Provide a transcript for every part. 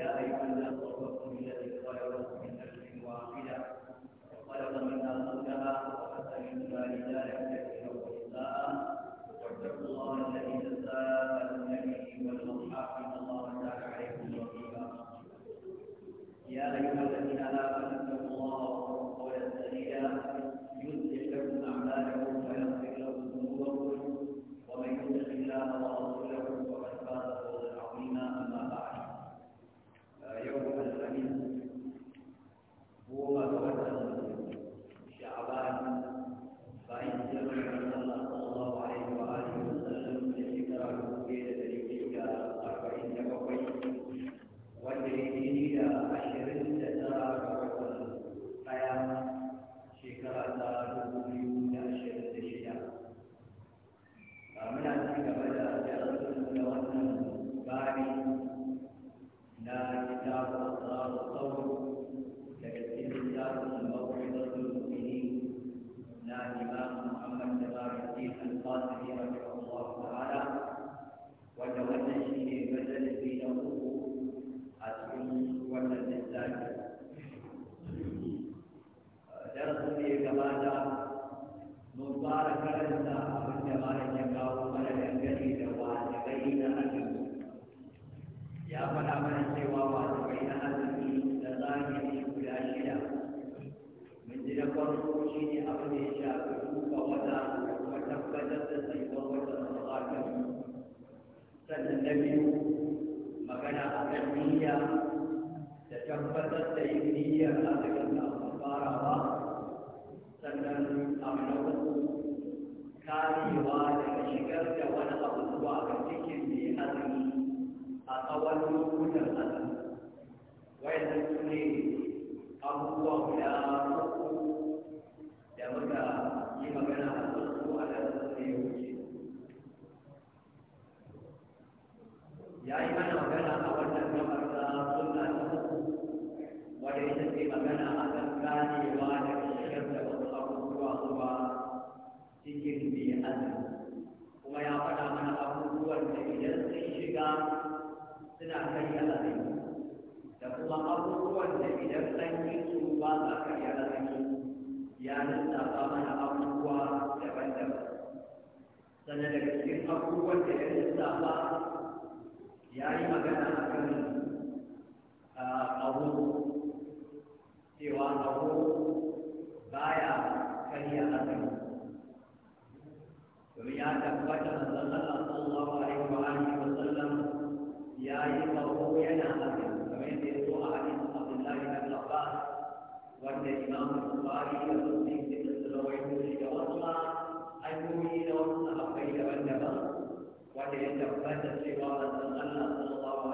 ya gaskiya suna karya lazari da kuma abubuwan da idan an yi su ba za karya lazari ya lissafa mana abubuwa daban-daban sannan daga cikin abubuwan da ya lissafa ya yi magana a kan abu cewa abu baya karya lazari domin ya tabbata manzon Allah sallallahu alaihi wa وعند الإمام البخاري ومسلم في أنوي لهم صلى الله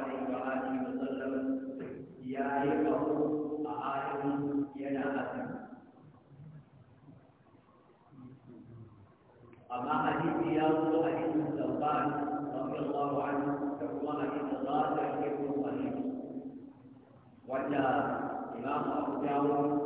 عليه وآله وسلم يا يقه أعالم أما حديث يا حديث رضي الله عنه تقوى حديث الله تحكيه الخليل وجاء إمام أبو داود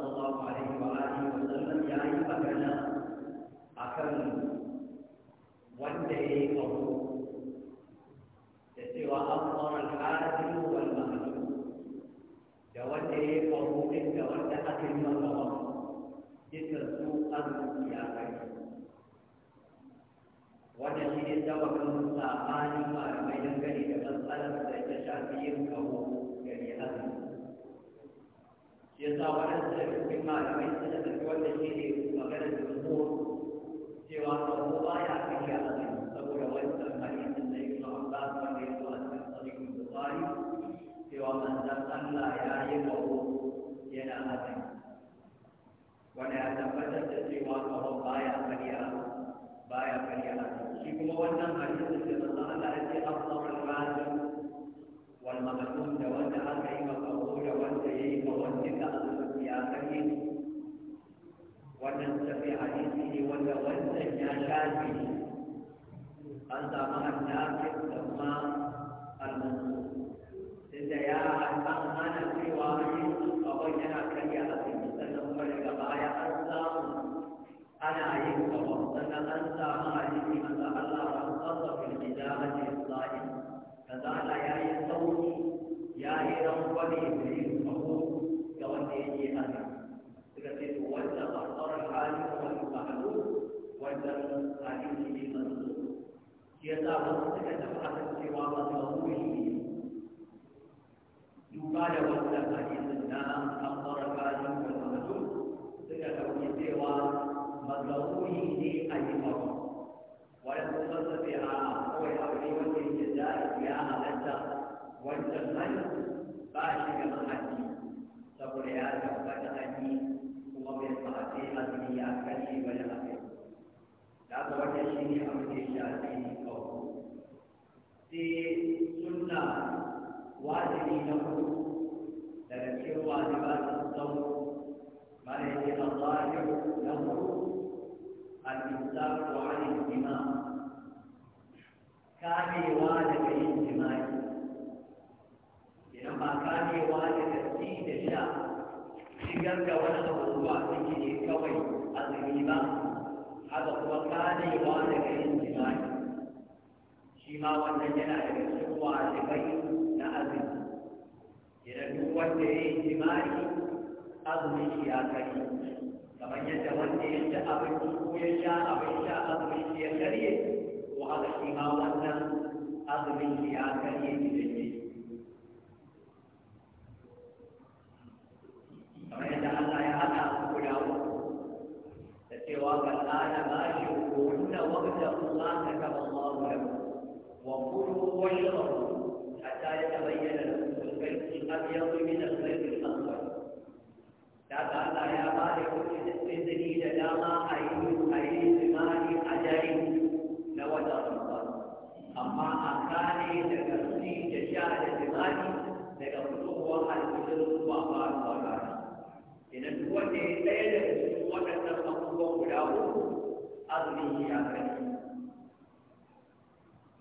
عقله يا بني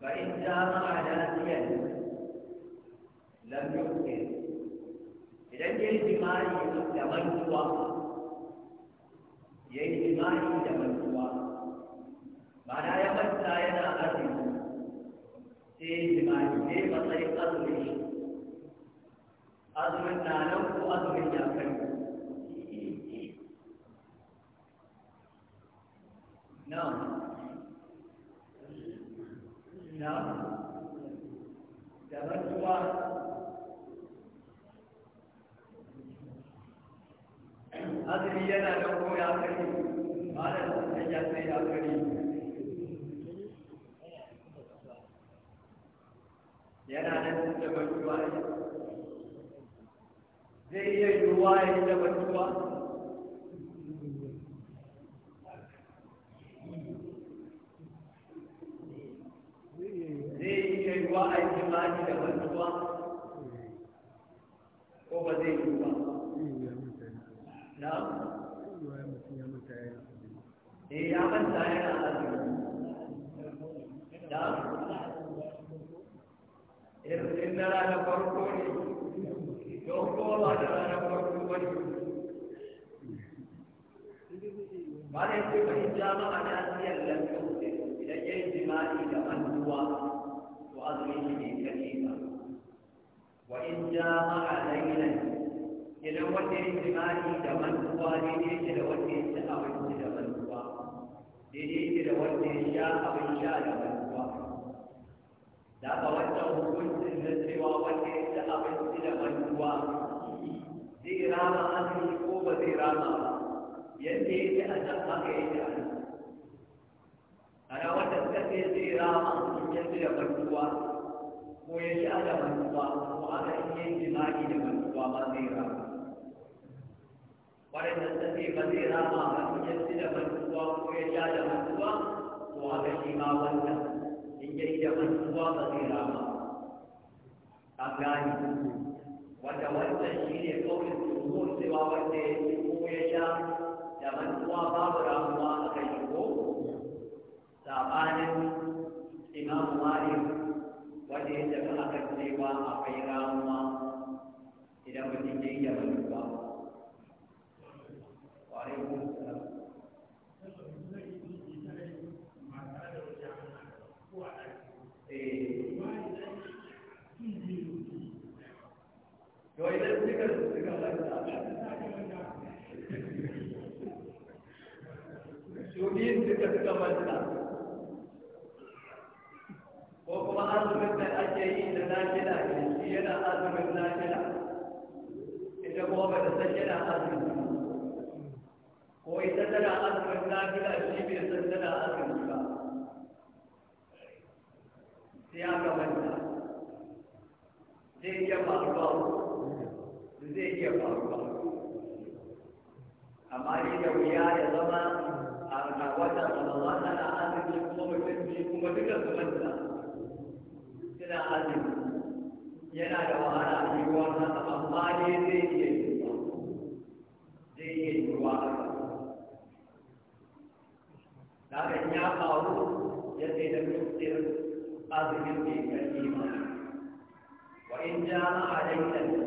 فإن دام علانيا لم ينكر إذا الجماعي تمنوا ruwa zai iya yiwa a yi imani da mantuwa ko ba zai yi ba na? Eh, ya manta yana azumi da irin eh, na ranar farko ne don kowa da ranar bayan yake bai a nasiyar lantar da da annuwa da wannan hukuncin da annuwa zai rama azumi ko ba zai rama ba yadda yake a can haka yake a nan ana wanda suka ce zai rama in yanzu da bantuwa ko ya sha da bantuwa ko ana in yi jima'i da bantuwa ba zai rama waɗanda suka ce ba zai rama ba in yanzu da bantuwa ko ya sha da bantuwa ko aka shi ma wanda in yi da bantuwa ba zai rama a gani wanda wannan shi ne kawai su zuwa wanda ya ko ya sha da mantuwa babu ramuwa a kan shi ko sabanin imamu malik wanda ya tafi akan cewa akwai ramuwa idan mutum ya yi azumin mai karfi ma wa in ja na halittar to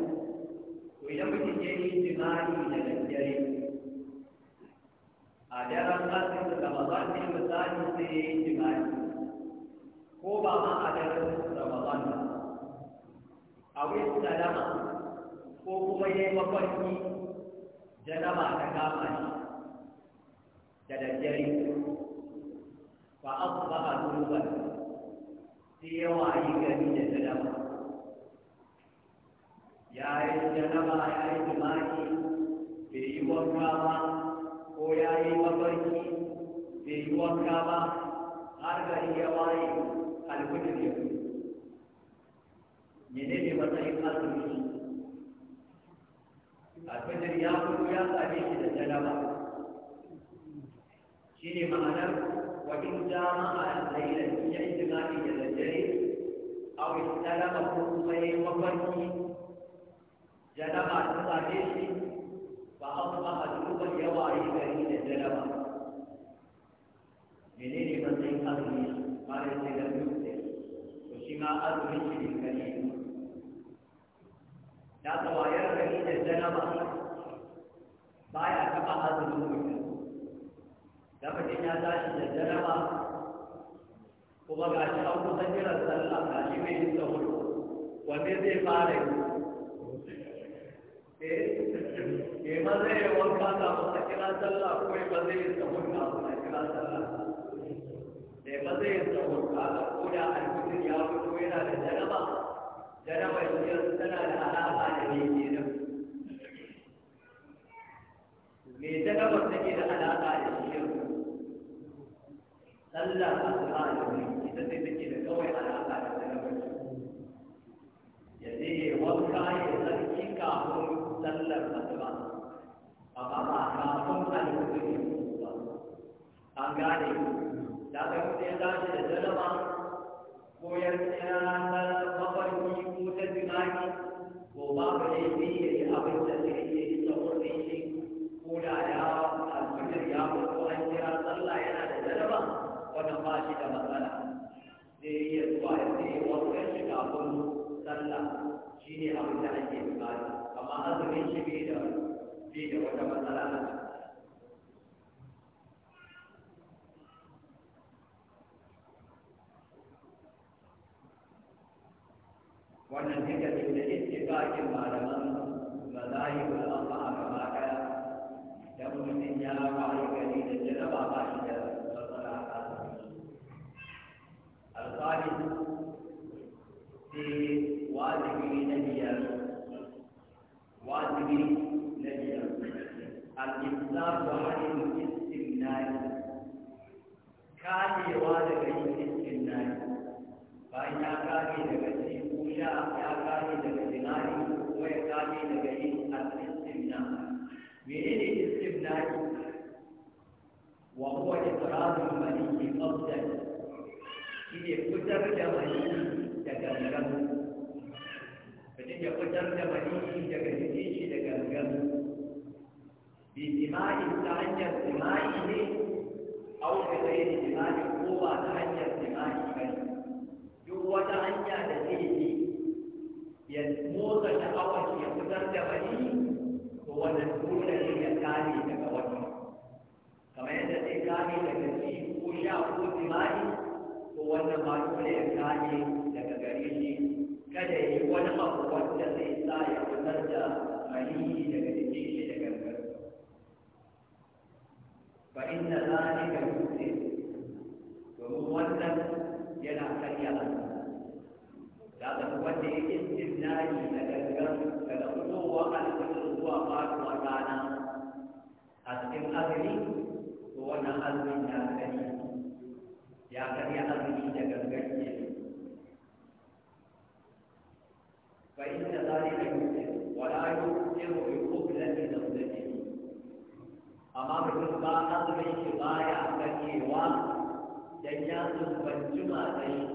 idan mutum ya yi jima'i da daddare a daren azumin ramadan ne misali sai ya yi jima'i ko ba ma a daren ramadan ba a wurin salama ko kuma ya yi mafarki janaba ta kama shi da daddare fa asbaha dhunuban sai yawa yi gani da janaba ya yi janaba ya yi bai yi wanka ba ko ya yi mafarki bai yi wanka ba har gari ya waye ya matsayin azumi ya ya shi da janaba shi ne ma'anar فإن جامع الليل في اعتماد الجري أو استلمه غير وفنه جلب الصالح فأصبح ذنوبا يواري بين جلبا منين من زي أغني قال لم يكتب وشما أغني للكريم لا تواير بين جلبا بايع كما أغني da ya tashi da jaraba kuma ga shi an kusa kiran sallah ga shi mai yin sahur wanne zai fara yi eh ma eh, zai yi wanka ga masa kira sallah ko ma zai yi sahur ga masa kira sallah da eh, ma zai yi sahur ga ko da alfitin ya fito yana da jaraba jaraba yanzu tana da alaƙa da ne kenan me jaraba take da alaƙa da sallah asuba da wuri ita sai take da kawai alaƙa da talabci ya je wanka ya sarki kafin sallar asuba amma ba kafin alwuri ba an gane da ka mutu ya tashi da jaraba ko ya tsaya na mafarki ko ta jimaki ko babu laifi ya yi abin da zai iya yi ta wurin shi ko da ya. shi ne abin da ake bukata amma azumin shi bai da bai da wata matsala na wannan karewa daga yin istimnani bayan ya kare daga kusha ya kare daga zinari ko ya kare daga yin al-istimna menene istimnani wa huwa iqrarul maliki qabdan shine fitar da maliki daga gangan mutum ya fitar da maliki daga jikin shi daga gangan bi jima'i ta hanyar jima'i ne au bi ghairi jima'i ba ta hanyar jima'i bane duk wata hanya da zai yi ya motsa iya ba da aka wanda ya istimnani da gangan daga fitowar alfajir zuwa faruwa rana a cikin azumi to wannan azumin ya gani ya karya azumi da gangan ke fa inna zalika yusir wa la yusir bi da zawjati amma mutum ba azumin shi ba ya ganewa dan ya tsubbanci matsayi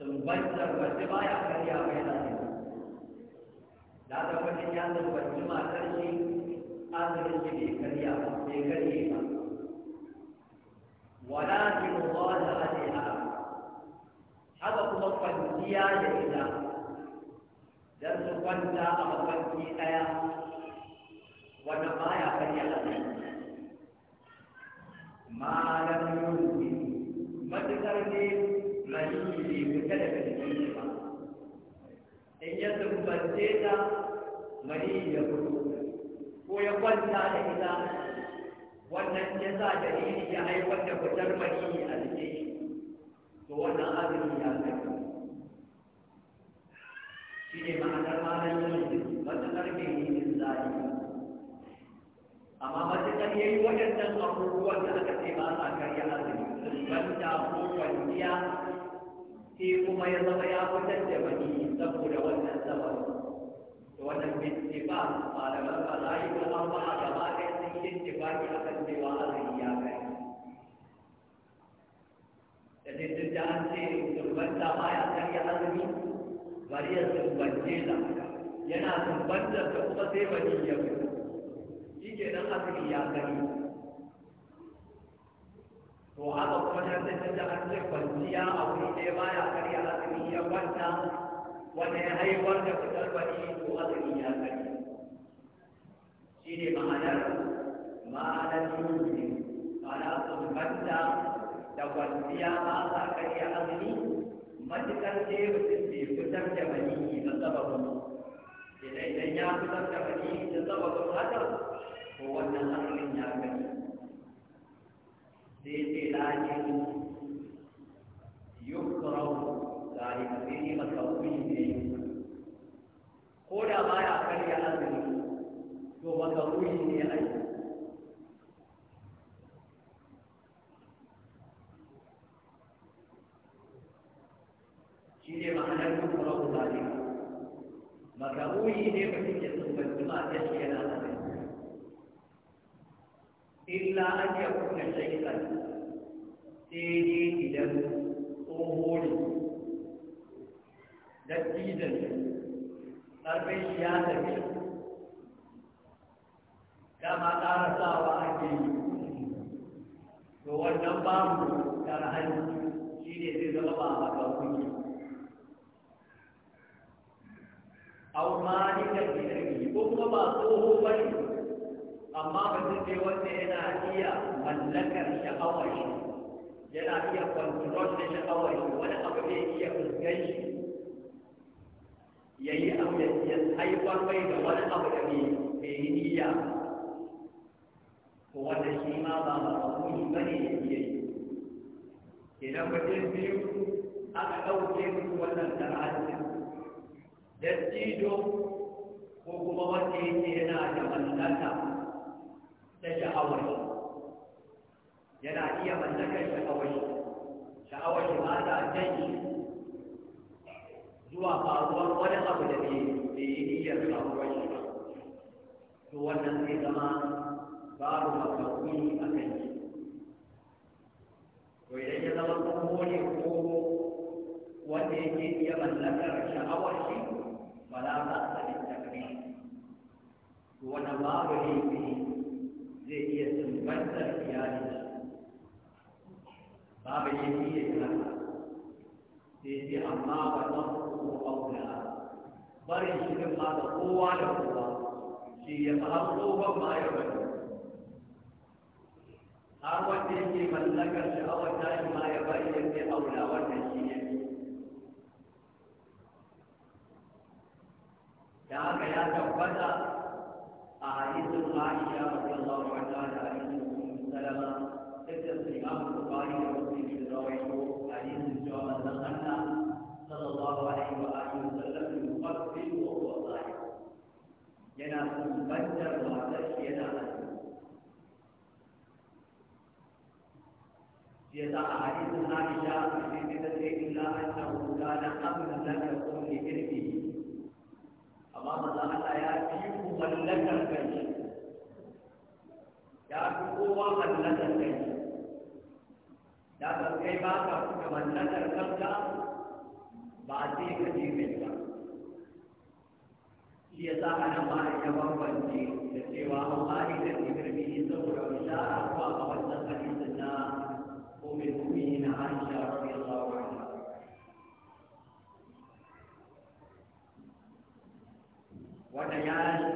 tumbar tarbaci ba ya karya ba yana ne da aka karya ba ba wala haka kuma da ita dan kwanta a makwanci daya wannan baya karya ne maniyi bai fita daga jikin shi ba in ya sumbance ta maniyi ya fito ko ya kwanta da ita wannan ya sa dalili ya haifar da fitar maniyi a jikin to wannan azumi ya zaka shi ne ma'anar malar yin matuƙar bai yi jin zaɗi amma matuƙar ya yi waɗannan abubuwan da aka ce ba sa karya azumi ban da ko kwanciya sai kuma ya zama ya fitar da mani saboda wannan sabon da wannan bittiba ba malayi ko an ba a gaba ɗaya sun yi ittifaki a kan cewa azumi ya kai da dai duk da an ce sumbanta ba ya karya azumi bari ya sumbance ta yana sumbanta ta kuma sai mani ya fito shi kenan azumi ya kai. to haka kuma na san da an ce kwanciya a wuri ɗaya baya karya azumi ya kwanta wanda ya haifar da fitar bari to azumi ya karya shi ne ma'anar ma'anar yunzi ma'ana sun kwanta da kwanciya ba sa karya azumi matuƙar ce mutum bai fitar da maniyi na sababin idan ya fitar da maniyi na sababin hakan to wannan azumin ya karya لكن يكره ذلك فيه مكروه ko da ba ya karya azumi to makaruri ne a yi shi ne ma'anar kuma zane makaruri ne mutum ya tsubbanci matar shi yana azumi illa an yi kuna daidai idan tsoho ne dattijan ƙarfin shi ya tafi dama ƙarasawa ake yi to wannan babu tare hannu shi ne zai zama ba a kawai au malikan ilmi ko kuma ba tsoho ba ne amma ba zai wanda yana iya mallakar sha'awar shi yana iya kwantarol da sha'awar wani abu da iya fuskan shi ya yi abu da ya haifar mai da wani abu da mai yi niyya ko wanda shi ma ba ba yi ba ne ya iya yi idan mutum biyu aka ɗauke musu wannan tarajin dattijo ko kuma wanda yake yana da mallaka ta sha'awar shi yana iya mallakar sha'awar shi sha'awar shi ba ta janye zuwa faruwar wani abu da ne da yi niyyar faruwar shi to wannan zai zama babu mafarki a kan shi to idan ya zama kuma ne ko wanda yake iya mallakar sha'awar shi ba za ta sani takri to wannan babu ne zai iya sumbantar iyalinsa هذا يمية ليس أما ونصره أولى بري شكل هذا قوة لقوة شيء a ما يبدو har wanda yake mallakar sha'awar tashi ma ya bayyana sai aula wannan shi ne عائشة حديثة إلا أنه كان قبل لك قوم إربه أمام الله يا فيه من لك الكيش يا قوة من لك الكيش يا فكيف أنك من لك الكيش بعدي كثير منك shi ya sa ana ba da bambanci da cewa amma idan ibirbi ya saboda bishara ko a العيال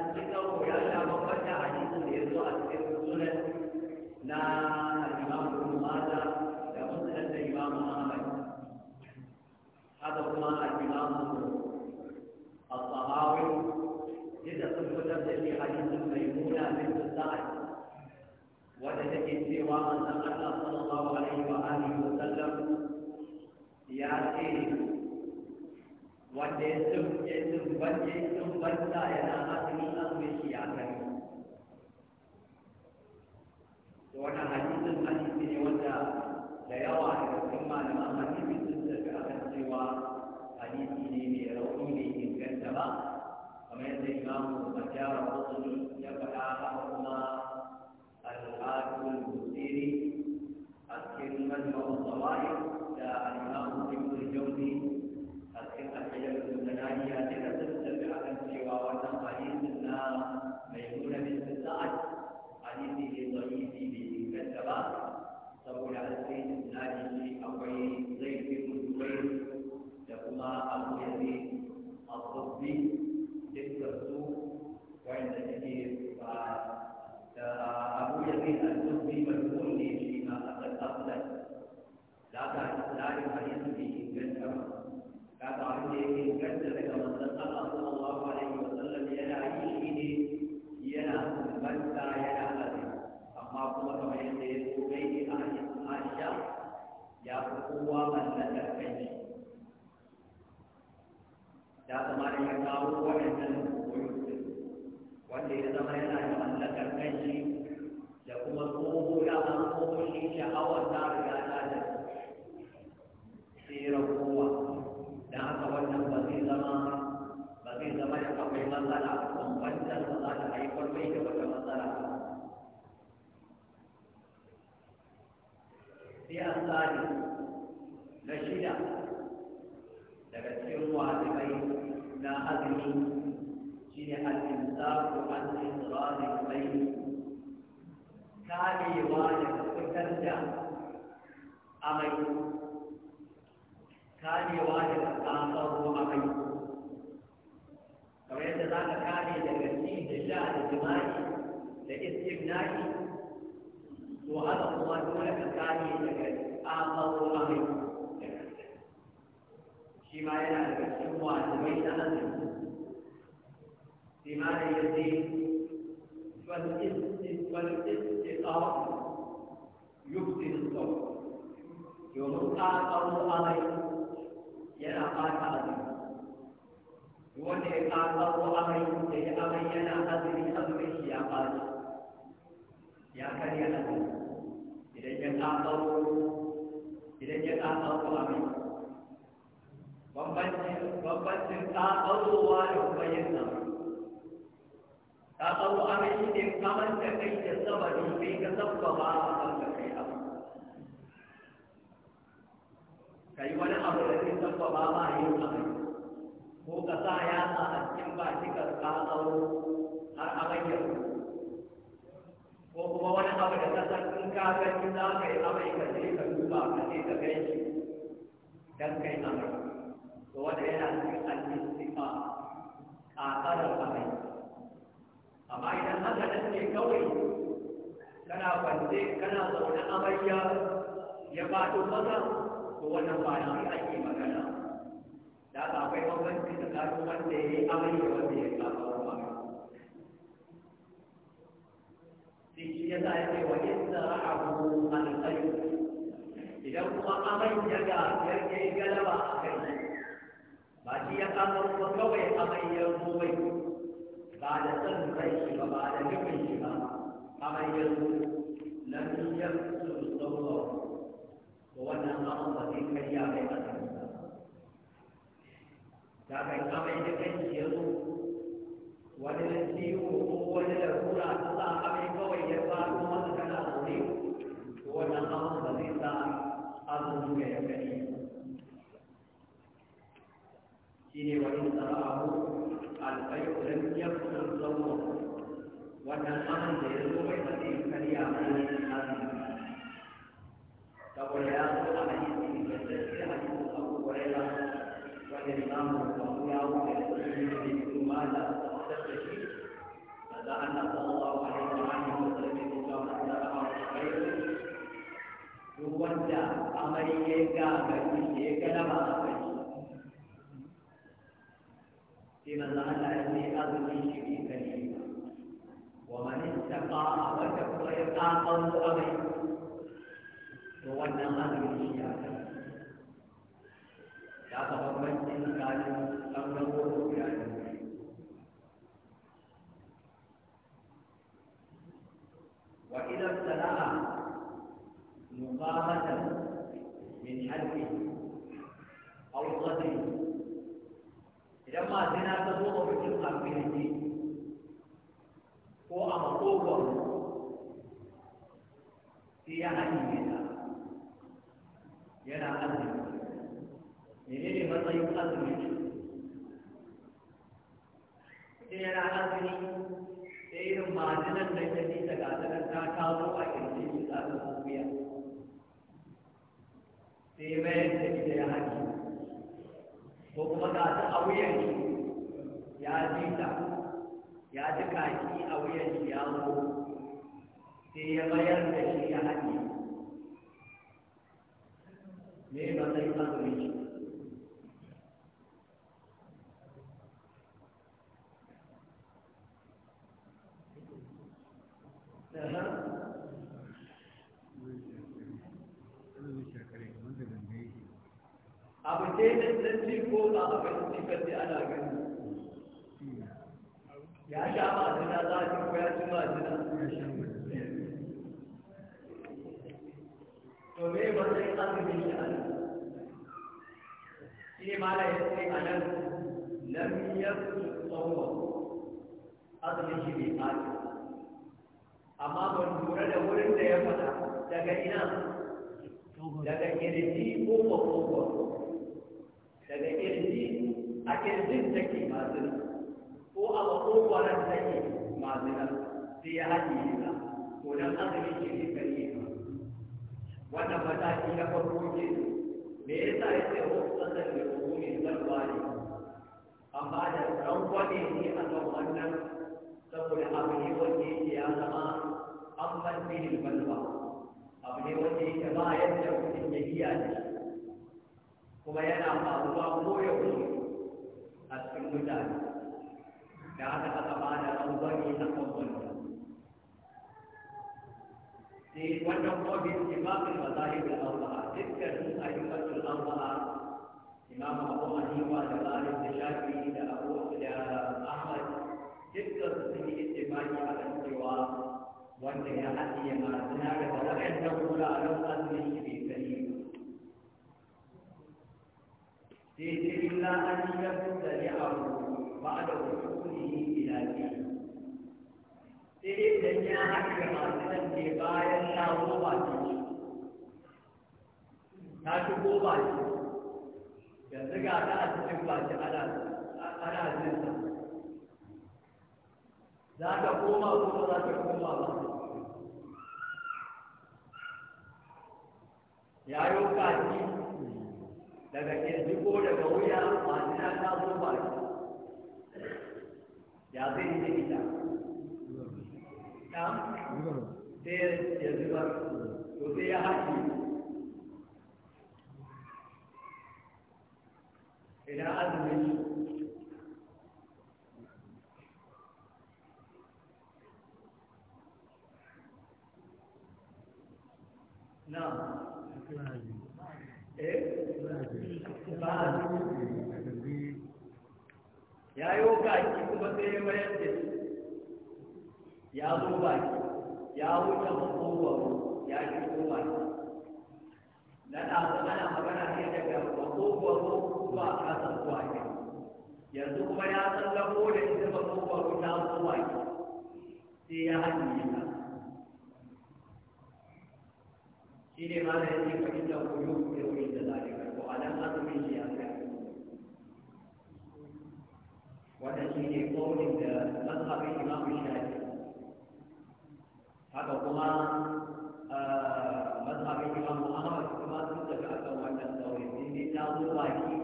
وفي أن تذهب الكل فيما أقل أقل لا لا يحيط به جنة لا تعرف به جنة كما ذكر صلى الله عليه وسلم ينا عيشه ينا متى ينا أبي أما كما كما يقول بين عائشة يا قوة من لا تكفي da zama da ya kawo waɗannan koyo wanda ya zama yana da mallakar kanshi da kuma tsoho ya zama tsoho shi sha'awar ta riga amai karewa daga tsatsar ruwa kai kamar yadda za ka kare daga ci da sha da jima'i da istimnaki to haka kuma dole ka kare daga tsatsar ruwa kai shi ma yana daga cikin wajibai na azumi sai ma da yadda والاستقرار يبطل الصوم domin ƙara tsaro amai yana ɓata azumi wanda ya ƙara tsaro amai da ya amai yana azumi azumin shi ya ɓaci ya karya azumi idan ya ƙara tsaro idan ya ƙara tsaro amai bambancin bambancin ƙaƙarowa da bayan yin amai ƙaƙaro amai shi ne kamar da kai da sabari kai ka sabbaba a Kai wani abu da zai tabba ba ma yin abu ko ka sa ya sa a cikin ba shi ka ka tsawo har amai ya ko kuma wani abu da ka san in ka gani za ka yi amai ka je ka duba ka je ka gan shi dan kai amai to wanda yana cikin al-istifa a tsarin amai amma idan haka nan ne kawai kana kwance kana zaune amarya ya faɗo maza to wannan ba shi ake magana da aka akwai bambanci wanda ya yi amai da wanda ya kafa ruwa shi shi ya sa ya wa inda ra'ahu alƙayu idan kuma amai ya ga ya yi galaba a kai ba shi ya kafa ruwa kawai amai ya zo mai ba da son rai shi ba ba da nufin shi ba amai ya zo wannan amon ba zai karya bai a kan da kai amai da kan ya zo wani da ciwo ko wani da rura ta sa amai kawai ya faru masa kana zaune to wannan amon ba zai sa azumi ya karya shine wani sara'ahu alfayu lam yakun zawwa wannan amon da ya zo bai zai karya bai تقول يا أبو حديث يستشفي حديث أبو هريرة والإمام أبو يعقوب يقول ماذا تستشفي فدعا أن صلى الله عليه وسلم يقول هذا أمر خير ruwanda amari ya gagari ya galaba a kai sai manzo Allah ya ce azumi shi ne kai wa man istaqa wa taqwa yaqamu amri to wannan azumi shi ya kai da aka bambancin tsakanin ɓangarorin guda biyu wa idan sana'a muqamatan min halbi aw qadri idan ma zina ta zo a mutum a fili ko a makogon sai ya hanyar yana azumi menene matsayin azumi sai yana azumi sai irin ma'adinan da ta ji daga azanar ta kawo a kirji shi tsarin kubiya sai bayan da ita ya haƙi ko kuma ga ta a wuyan shi ya ji ta ya ji kaki a wuyan shi ya zo sai ya bayar da shi ya haƙi 1个那个明星。azumin shi bai fadi amma ban lura da wurin da ya fada daga ina daga kirji ko kwakwa daga kirji a kirjin ke mazina ko a kwakwaran take mazina sai ya haɗe ta ko don azumin shi bai kare ba wannan mataki na farko ke me ya sa ya ce wasu tsatsar da hukumin zarwa ne amma da rankwane ne a kan wannan سبل أبني وجهي يا زمان أمن به البلوى أبني وجهي كما يبدأ في النجيات هو ينام الله هو يقول أسكن مجاهد كان أتمنى أن بني تقبل في وجه الله اتفاق المذاهب الأربعة ذكر أئمة الأربعة إمام أبو حنيفة جلال الشافعي أبو أحمد dukkan su sun yi ittifaqi a kan cewa wanda ya haɗiye ma'azina a waɗannan wuraren azumin shi bai sani ba sai ce illa an yi yadda ya abu ba da wusuli ila biyu sai da ya haɗiye ma'azinan ne bayan ya goma ce ta ci ba ce da ziga ta a cikin baki ana jinsa za ka koma ko ba za ka koma ba ya yi kaji daga kirji ko daga wuya masu na ta zo ba ya zai yi da ita sai ya zubar sai ya mayar da shi ya zo baki ya wuce makogwaro ya shigo baki na ana magana ne daga zuwa zuwa yanzu kuma ya tsallako da ita makogwaro ta zo baki sai ya ta shi ne ma da koyo wannan shi ne ƙaunin da mazhabin imamu shafi haka kuma mazhabin imamu ahmad kuma sun tafi a kan wannan ƙaunin din ne ta zo baki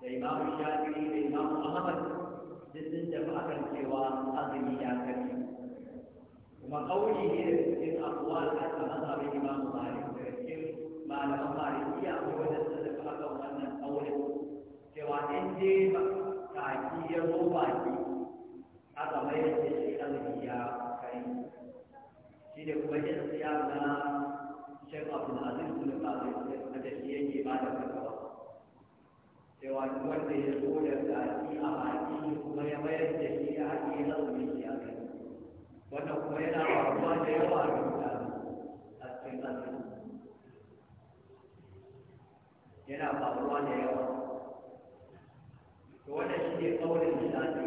da imamu shafi da imamu ahmad duk sun tafi a kan cewa azumi ya kafi kuma ƙauni ne da cikin abuwa da aka mazhabin imamu malik da cikin malaman malikiya akwai wajen da tafi a kan wannan ƙaunin cewa in dai ɗebo baki aka mayar shi kai shi ne kuma yin siya na shek abdul aziz a da shi yake ba da cewa wanda ya zo da baki a baki kuma ya mayar da shi ya haɗe ya kai wannan kuma yana faruwa da yawa a duniya a cikin yana faruwa da yawa to wannan shi ne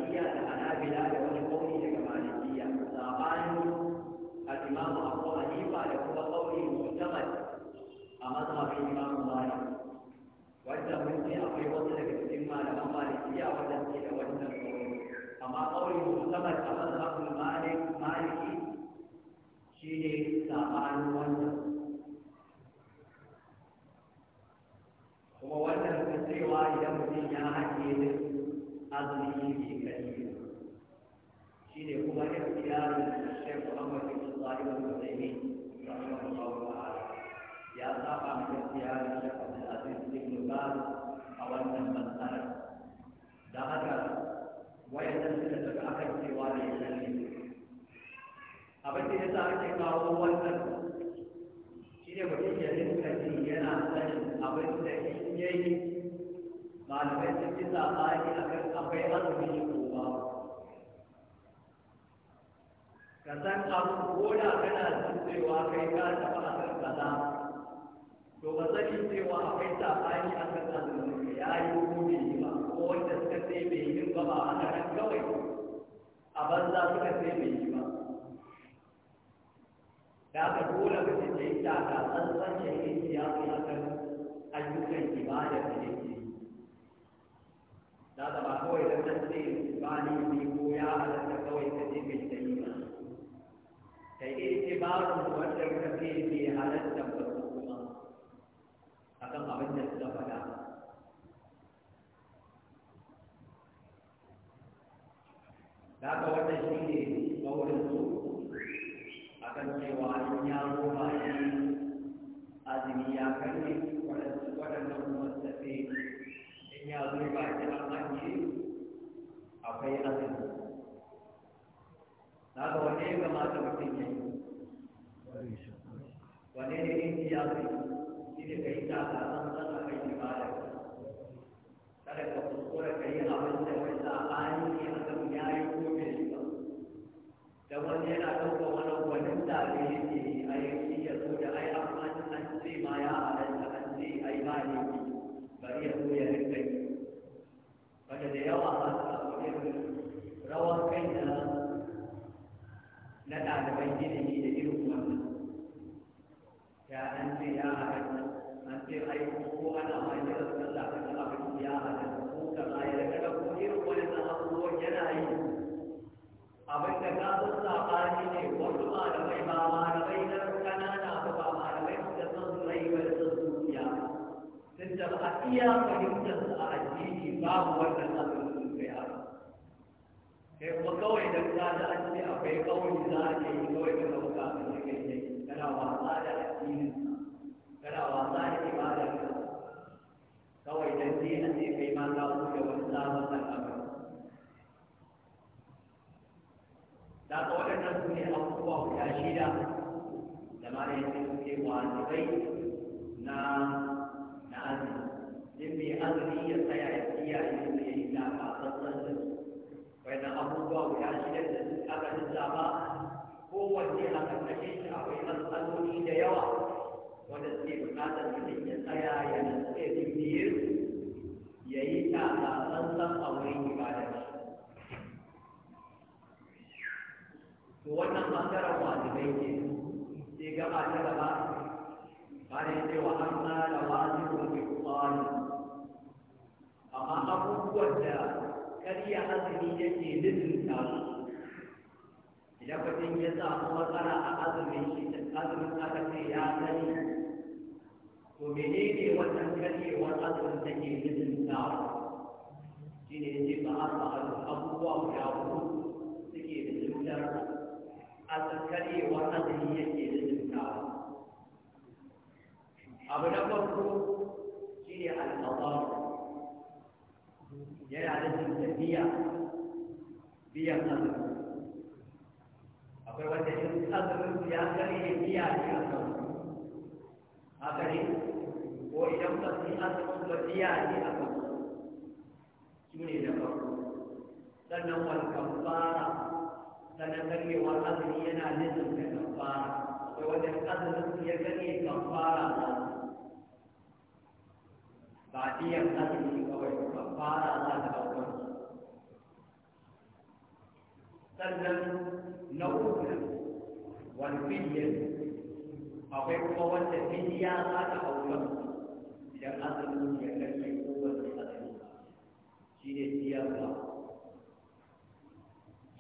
malamai a kan ka san abu ko da kana cewa kai ka taɓa a kan kaza to ba sani cewa akwai sabani a kan azumi ya yi ko bai yi ba ko wanda suka ce bai yi ba ba a nan kawai a banza suka ce bai yi ba da aka dole ka ce ta ka tsantsan ya yi siyasa a kan ayyukan ibada da ne da da ba kawai da nan ce ba ni ni ko ya halatta kawai ka je mai tsayi ba ta yi ce ba su wanda ka ce bai halatta ba ko kuma akan abin da suka faɗa da haka wannan ta shida da ma da yake suke wajibai na na azumi din mai azumi ya tsaya ya kiyaye su ya yi lafa sassan da su na abubuwa guda shida da aka lissafa kowanne a ƙarƙashin shi akwai matsaloli da yawa wanda suke buƙatar mutum ya tsaya ya nutse bibiyar ya yi ta a tsantsan a wurin ibadar wannan bangaren wajibai ne sai gaba ta gaba bayan cewa an tsara wajibin bikwani amma abubuwan da karya azumi yake lizinta idan mutum ya samu matsala a azumin shi azumin aka ce ya sani to menene wannan karyewar azumin take lizinta shi ne ya ce ba a abubuwa guda hudu azkarewar azumi yake da jinkawa abu na farko shi ne alƙawar yana da jinkabiya biyan azumi akwai wanda in azumin ya kare biya ne a kan haka ne ko idan ba su yi azumin ba biya ne a kan su ne da farko sannan wani kafara sannan karyewar azumi yana nufin da kafara akwai wanda azumin ya karye kafara za ba biyan azumi kawai kafara za ta ɗaukar sannan na uku wani fidiyar akwai kuma wanda fidiya za ta ɗaukar idan azumin ya karye kowace azumi shi ne siyarwa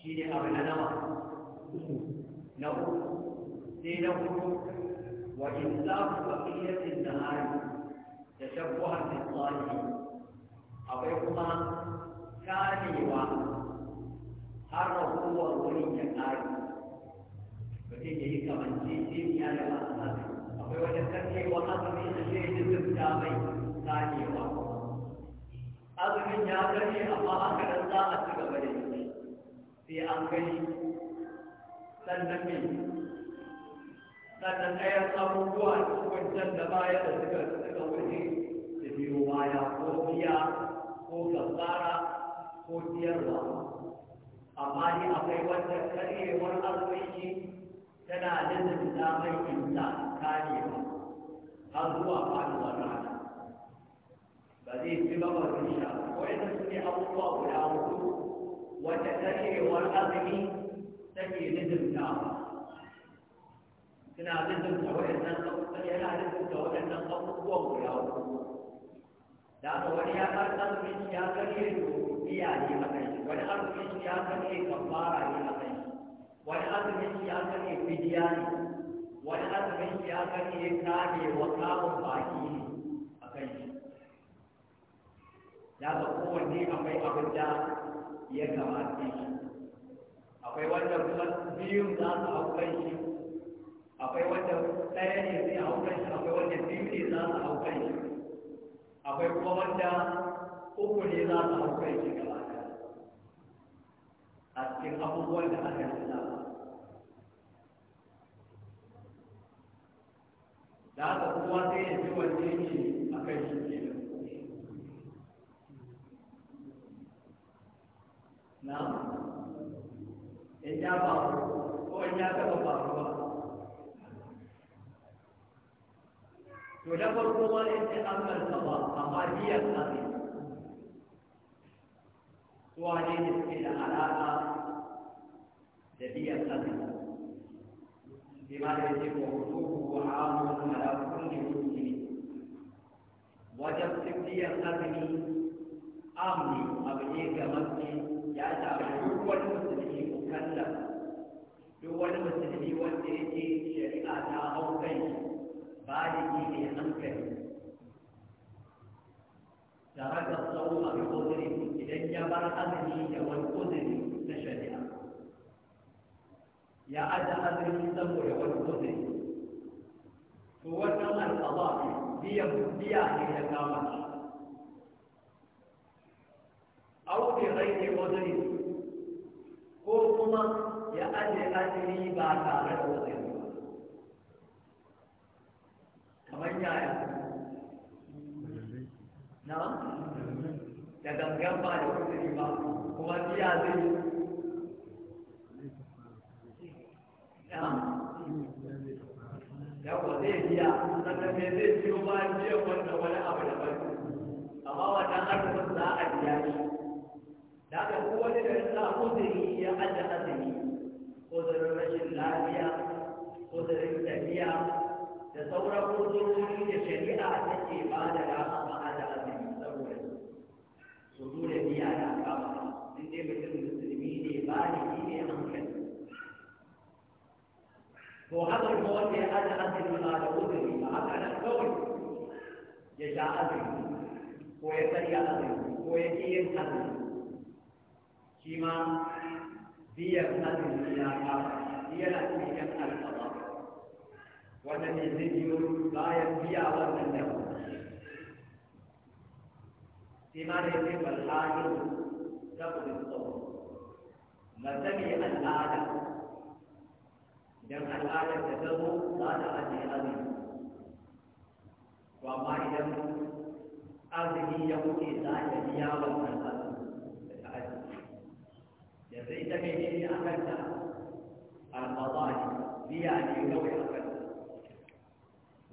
shi ne abu na nama na uku sai na hudu wa islamu baqiyatin nahari da da lillahi akwai kuma karewa har rahuwar wurin ya kare Wace ya yi kamanci sai ya da masu akwai wata karewa azumi da shi ya dukkan mai karewa azumin ya kare amma haka nan za a ci gaba da shi sai an gani sannan mai sannan ɗayan abubuwa wancan da baya da suka suka wuce da biyo baya ko biya ko gabbara ko ciyarwa amma ni akwai wata karyewar arziki tana da zanta mai inta karewa har zuwa faɗuwar rana ba zai ci ba ba zai sha ko yadda suke abubuwa guda hudu wata tashewar azumi take nizumtawa suna nizumta waɗannan abubuwan yana nizumta waɗannan abubuwan guda uku da aka wani ya kan azumin shi ya karye to biya ne a kai wani azumin shi ya karye kafara ne a kai wani azumin shi ya karye fidiya ne wani azumin shi ya karye kame wa kamun baki ne a kai shi da ga kowanne akwai abin da ya kamata shi akwai wanda kuma biyu za su hau kan shi akwai wanda ɗaya ne zai hau kan shi akwai wanda biyu ne za su hau kan shi akwai kuma wanda uku ne za su hau kan shi gaba a cikin abubuwan da aka yi da haka kuma sai ya ji wanne ne a kan shi ke نعم إن جاء فاروق وإن جاء فاروق يدبر هو الانتقام القضاء أقادية القضية وعليه العلاقة لدي القضية بما يجب وقوفه عام على كل مسلم وجب تبدي القضية أمني أبنيك مسلم ya samu duk wani musulmi mukallaf duk wani musulmi wanda yake shari'a ta hau kai baligi ne hankali da raka tsawo a uzuri idan ya bar azumi da wani uzuri na shari'a ya aza azumi saboda wani uzuri to wannan alƙaba biya biya ne da kama shi wani ko kuma ya aje azumi ba tare da wani ba kamar yaya na da gangan ba da wani ba kuma biya zai yawa zai biya sannan me zai biyo bayan biyan wanda wani abu daban amma wannan arzikin za a biya shi da aka kowane da sa uzuri ya aje azumi uzurin rashin lafiya uzurin tafiya da sauran uzurori da shari'a take ba da rama ba aje azumi saboda su dole biya da kama in dai mutum musulmi ne ba ne ne hankali to haka kuma wanda ya aje azumi ba da uzuri ba haka nan kawai ya sha azumi ko ya karya azumi ko ya ƙi yin azumi فيما هي هذه الزيادة هي التي هي القضاء والذي زي لا يبيع ظنا له فيما يتم الحاج تقضي الصوم ما سمي الآلة لأن الآلة تتم لا تأتي yanzu ita mai ne a kanta alfazari biya ne kawai a kanta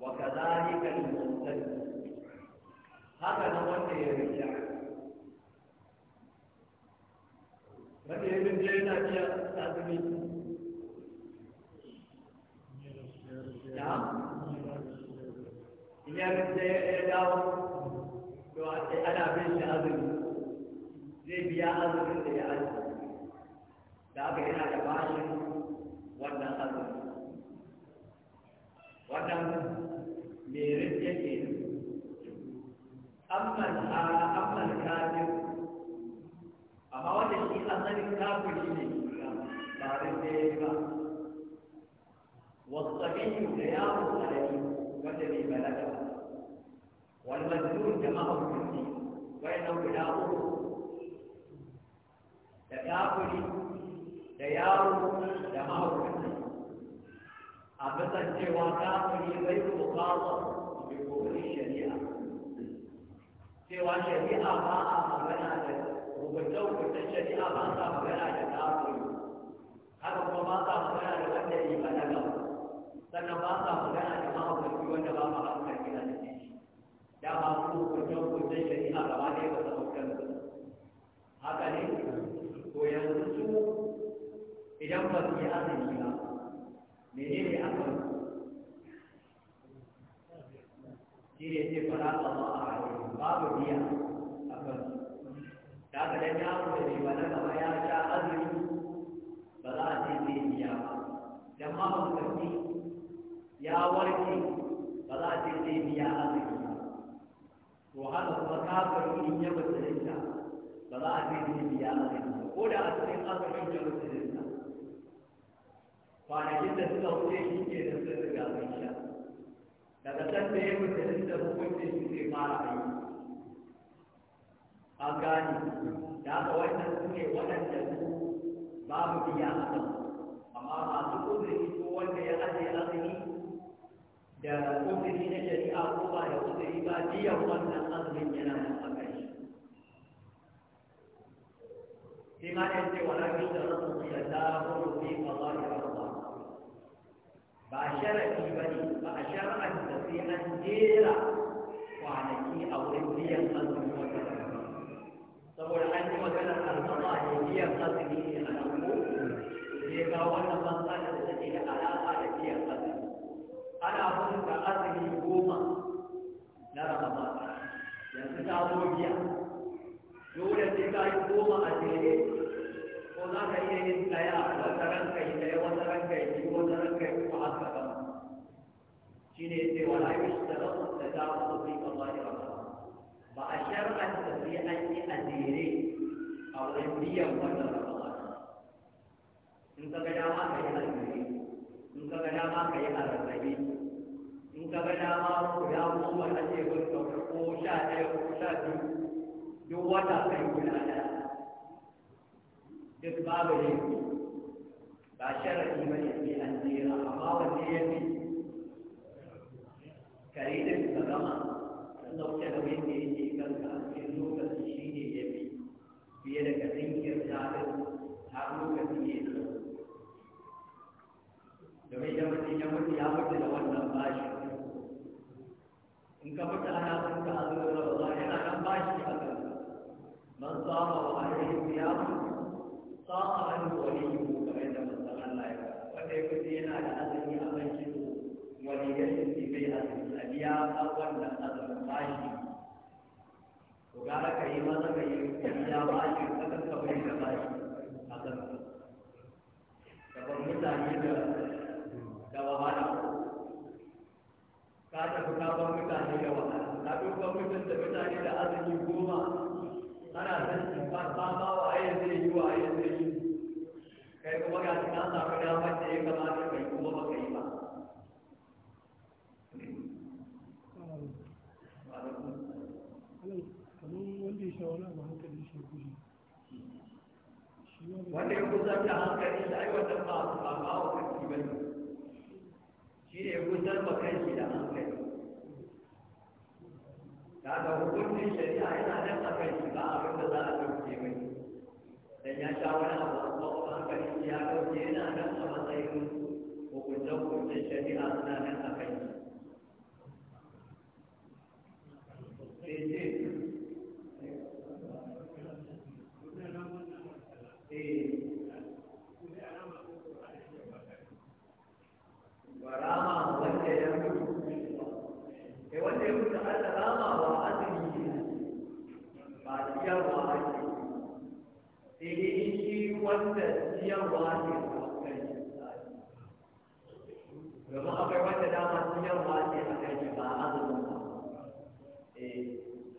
wa kazalika al-mustaqim haka nan wanda ya rija wanda ya rija yana biya azumi ya rija ya dawo to ana bin shi azumi zai biya azumin da ya azumi da haka yana da bashin wannan azumi wannan merin yake Amman tsara Amman kafin amma wanda shi asalin kafin shi ne ba rin da yi ba wasu da yawon tsarari wanda ne ba shari'a ba a magana da rubuce-rubucen shari'a ba sa magana da kafiri haka kuma ba sa magana da wanda ya yi balaga sannan ba sa magana da mahaukaci wanda ba mahaukar gida da shi Ya ba su rubuce-rubucen shari'a gaba ɗaya ba sa maukar haka ne to yanzu su idan ba su yi azumi ba menene akan shi ne ce fara Allah babu biya a kan da aka dan yawon da cewa na gaba ya sha azumi ba za a ce zai biya ba dan mahaukaci ya warke ba za a ce zai biya azumi ba to haka kuma kafin in ya musulunta ba za a ce zai biya azumi ba ko da a cikin azumin ya musulunta kwanakin da suka wuce shi ke da sun riga sun sha daga can da ya musulunta hukuncin shi zai fara aiki an gane da aka wannan su ne waɗanda su babu biya a kan amma masu kudiri ko wanda ya ajiye azumi da kudiri na shari'a ko ba da kudiri ba biyan wannan azumin yana da akan shi sai ma ya ce wala bi da rasu ya ta ko bi ba za ya ba ba sharafi ba ne ba a shara'an da sai an jera kwanaki a wurin biyan azumi saboda an yi maganar al'umma ne biyan azumi ne a nan ko sai ga wannan matsalar da take da alaƙa da biyan azumi ana hunta azumi goma na ramadan yanzu ta zo biya dole sai ka yi goma a jere ko za ka iya yin ɗaya wata ranka yi ɗaya wata ranka yi biyu wata ranka yi ko haka gama shi ne da kamar ba a shar'anta sai an yi a wurin biyan in ka ga dama ka yi azere in ka ga dama ka yi arzabi in ka ga dama ko ya kuma a ce ko sha ɗaya ko sha biyu duk wata kai duk babu ne ba sharaɗi ba ne sai an jera amma wanne ya fi kare da zama ɗauke nauyin da ne kanka a cikin lokaci shi ne ya fi fiye da ka jinkirta ɗin har lokaci ya zo domin idan mutum ya mutu ya mutu da wannan bashi in ka mutu ana sun ka azumin rawa yana nan bashi a kan man saba wa alaihi siyamu sa'a an waliyu kamar yadda manzon Allah ya wanda ya kuce yana da azumi a kan shi waliyar shi bai azumi a biya wannan azumi bashi to gara ka yi maza ka yi ya bashi kakan ka bai ka ba a kan gaban mutane da da ba, ka tafi ka ban mutane da wahala ka duba mutum da mutane da azumi goma ana san ba ba wa ayyar zai yi wa ayyar zai yi kai kuma ga ka samu dama cewa wani abu hankali shi wanda ya kusan da hankali shi ai ba su ba ba wa kanki ba ne shi ne ya kanki da hankali da ga hukuncin shari'a yana nan a kanki ba abin da za a ɗauke mai dan ya sha wani abu ya ɗauke yana nan a matsayin hukuncen shari'a suna nan a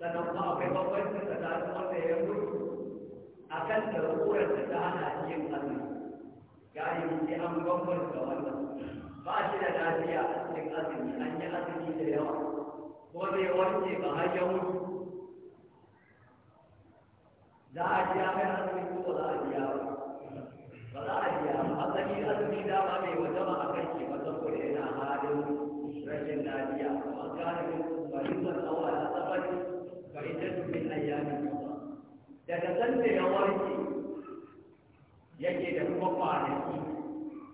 sannan kuma akwai babbanci ta wanda ya mutu a kan da da ta hana yin azumi yi sai an bambanta wannan ba shi da lafiya a cikin azumi an yi azumi da yawa ko bai warke ba har ya mutu za a daga sanda ya warke yake da kuma kwanaki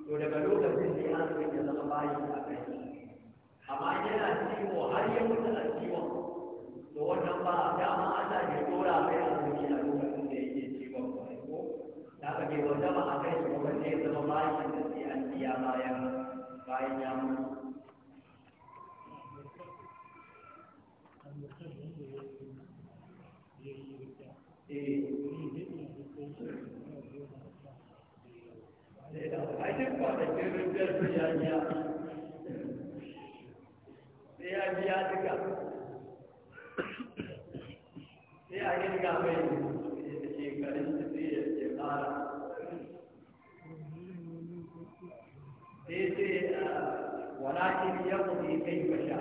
to daga lokacin da ya zo ya zama bayi a kai amma yana ciwo har ya mutu a ciwon to wannan ba a dama Allah ya dora mai a zuci a lokacin da yake ciwon ko ta ga bai wanda ba a kai shi ba zai zama bayi da sai an biya bayan bayan ya mutu ya biya duka sai a girga mai shekarun da sai ya ce fara sai sai walakin ya kai ka sha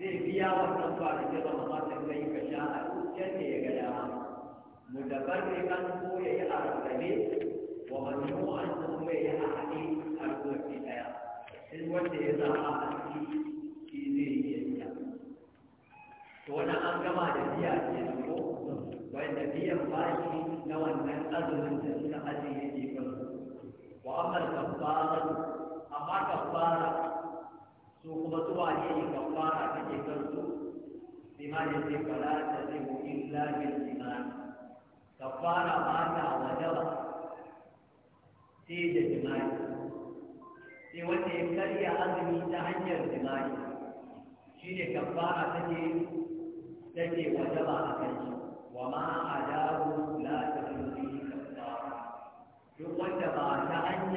zai biya wannan kwanakin ramadanin kai ka sha a yadda ya ga dama متبركا هو يعرف به ɗaya. Sai يعرف ya zama a عرف to wani an gama da biya ke da ko wanda biyan bashi na wannan azumin da suka ajiye ne kan wa amal kafara amma kafara su kuma zuwa ne yi kafara kake kan su bima da ke fara ta zai illa bil iman kafara ba ta wajaba sai da jima'i sai wanda ya karya azumi ta hanyar jima'i shi ne kafara ke. التي وجبها منه وما عداه لا تكون فيه كفارة وجب شعي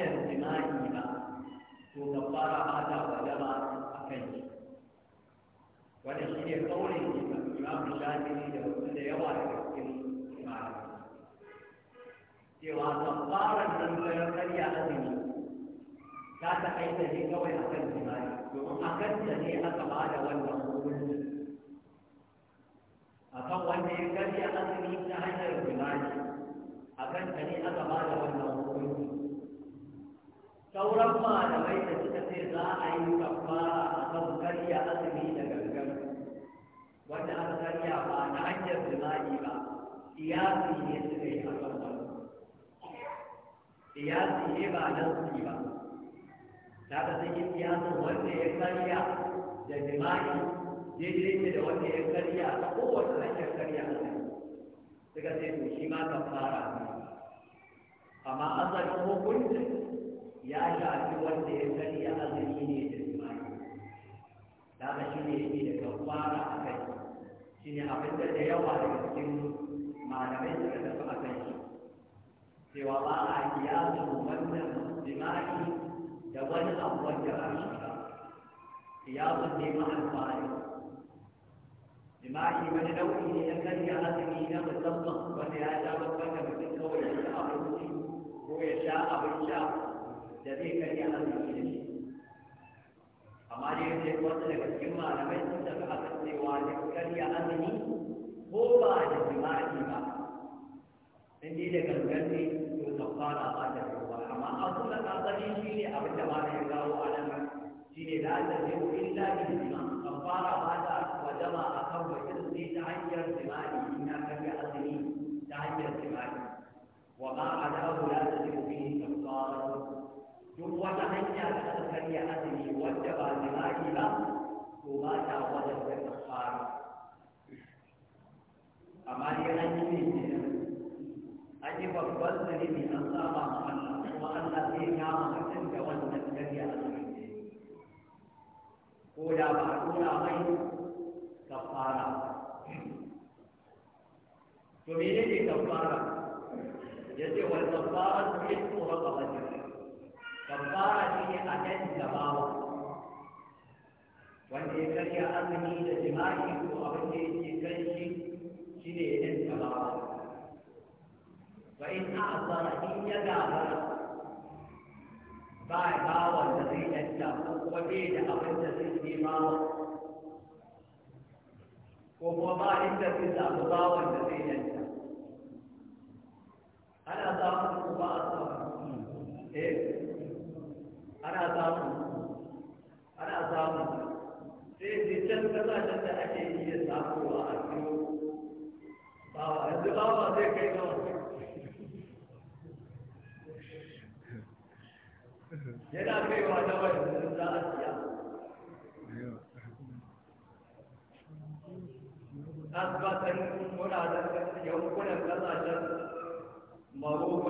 دمائها تكفر هذا وجب أكنج ونشير قوله الإمام الشافعي له كل يوم يكفر دمائه سوى كفارة من غير أذن لا تحيث لي قول أكل دمائه يوم أكل لي أكل azumi ta hanyar jima'i a kan ta ne aka ba da wannan hukunci sauran malamai da suka ce za a yi kafara a kan karya azumi da gangan wanda aka karya ba na hanyar jima'i ba siyasi ne suka yi a kan wannan siyasi ne ba nan su ba daga cikin siyasan wanda ya karya da jima'i daidai ne da wanda ya karya a kowace hanyar karya a suka ce to shi ma kan fara amma asalin hukuncin ya shafi wanda ya sani ya azumi ne da imani da aka shi ne yake da kan fara a kai shi ne abin da da yawa daga cikin malamai suka tafi a kai shi cewa ba a kiyasu wannan imani da wani abu wanda ba shi ba kiyasu ne ma'alfa'ari jima'i wani nau'i ne na karya azumi na musamman wanda ya ja babban da mutum kawai ya ci abinci ko ya sha abin sha da zai karya azumi da shi amma dai sai wasu daga cikin malamai sun tafi a kan cewa da karya azumi ko ba da jima'i ba in dai da gangan ne ruwa amma shi ne abin da ba a shi ne da ولما أقر إرسي تعير سمائي إنا كفي أصلي تعير سمائي وما عداه لا تجب فيه كفارة duk wata hanya da aka karya azumi wadda ba jima'i ba to ba ta wajen da kafara amma dai an yi ne an yi babban zunubi an saba ma Allah kuma Allah zai kama mutum da wannan karya azumi ko da ba a tura mai kafara to ne kafara yace wal kafara tuhiqu raqabati kafara shine a kan gabawa wanda ya karya azumi da jima'i ko abin da yake kan shi shine ne yan gabawa wa in a'zara in ya gabara ba bawan da zai yanta ko kuma bai da abin da zai ba? ko kuma ba inda zai samu bawan da zai yanka ana samun ko ba a samu eh ana samu ana samu sai dai can kasashen da ake iya samuwa a biyu bawa yanzu bawa zai kai nawa yana kaiwa nawa yanzu yankunan kasashen maroko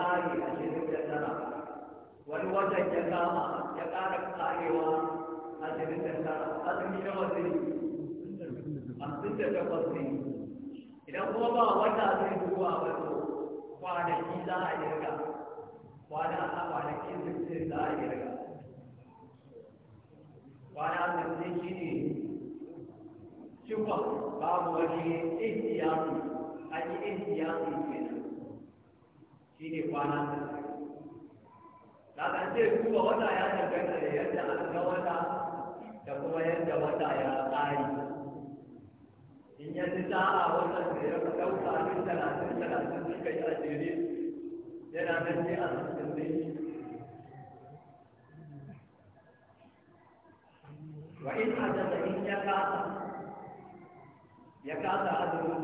ƙare a shirin da wani watan ya kama ya ƙara ƙarewa a shirin da tara azumi na wasu hamsin da ne idan kuma ba wata zai zuwa wato kwanaki za a yarga kwana a kwanaki sittin za a yarga kwana sittin shi ne cikon babu wani ihtiyaru an yi shi ne kwana da an wata ya danganta da yadda an ga wata da kuma yadda wata ya tsari in ya ci sa'a wannan da ya ɗauka abin talatin talatin suka yi ajiyar yana da ce a sassan وإن حدث إن يكاد يكاد أدرك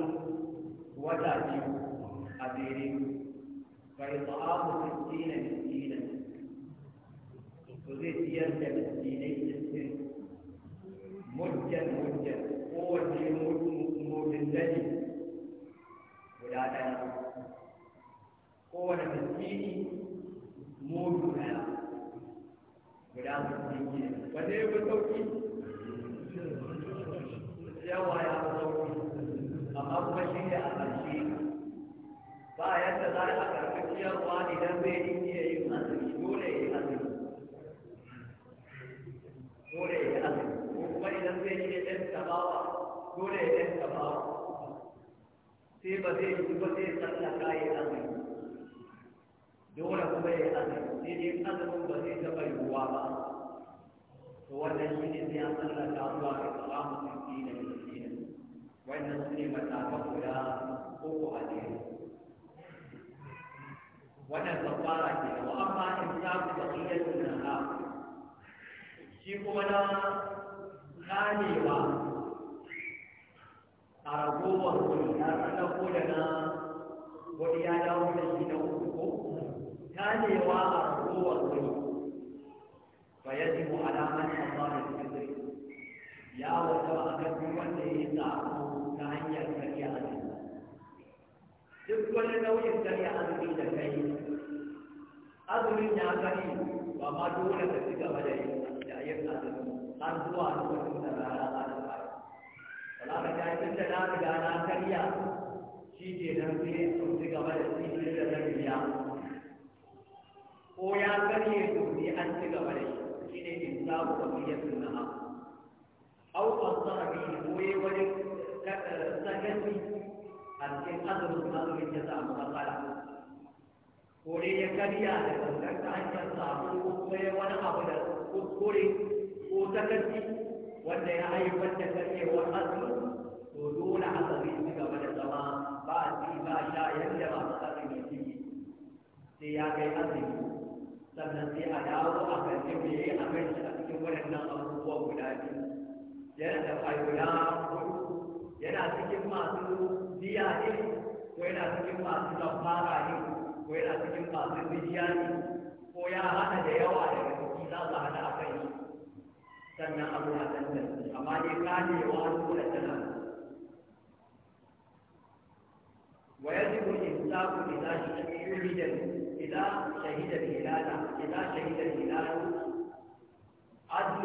وتأتي أديري فإطعام ستين مسكينا وزيت يرجع مسكينين السن مجا مجا قوة مجندني ولا دانا قوة موت موجودة ولا مسكينين فليه بالتوكيد يا ويا بالتوكيد أما ba yadda za a karɓi ciyarwa idan bai iya yin azumi dole ya yi azumi dole ya yi azumi ko kuma idan bai iya ɗan tabawa dole ya ɗan tabawa sai ba zai yi ba zai tsallaka ya azumi dole kuma ya yi azumi sai dai azumin ba zai taɓa yiwuwa ba to wannan shi ne sai an tsallaka zuwa ga salamu sittina da sittina wannan su ne matakan guda uku a jere wannan kafara ke wa amma in za ku baqiyatu nahar shi kuma na kamewa a ragowar ya san ko da na wani ya dawo da shi na uku kamewa a ragowar kuɗi fa yajibu ala man hadara al-fitr ya wata akan wanda ya yi sa'o wani nau'in karya azumi da kai azumin ya gani ba ma dole ka ci gaba da yin azumi har zuwa lokacin da rana za ta fara wala ka ta tunda na riga na karya shi ke nan sai sun ci gaba da cikin da na biya ko ya karye gobe an ci gaba da shi shi ne in za ku kafa yin sunna au asara bi ko yi wani sakaci a cikin azumin azumin da karya da gangar ta hanyar sabo ko kuma ya wani abu da kuskure ko takarci wanda ya haifar da karyewar azumi to dole azumi ci gaba da zama ba a ci ba sha yadda masu azumi ciki sai ya kai azumi sannan sai a dawo a karfi me ya yi a kan shi a cikin waɗannan abubuwa guda biyu yana da fayola yana cikin masu biya ne ko yana cikin masu zamfara ne ko yana cikin masu bidiya ne ko ya hana da yawa daga ciki za su hada a kai sannan abu na tantance amma dai kamewa dole tana ويجب الإمساك إذا شهد إذا شهد الهلال إذا شهد الهلال عدل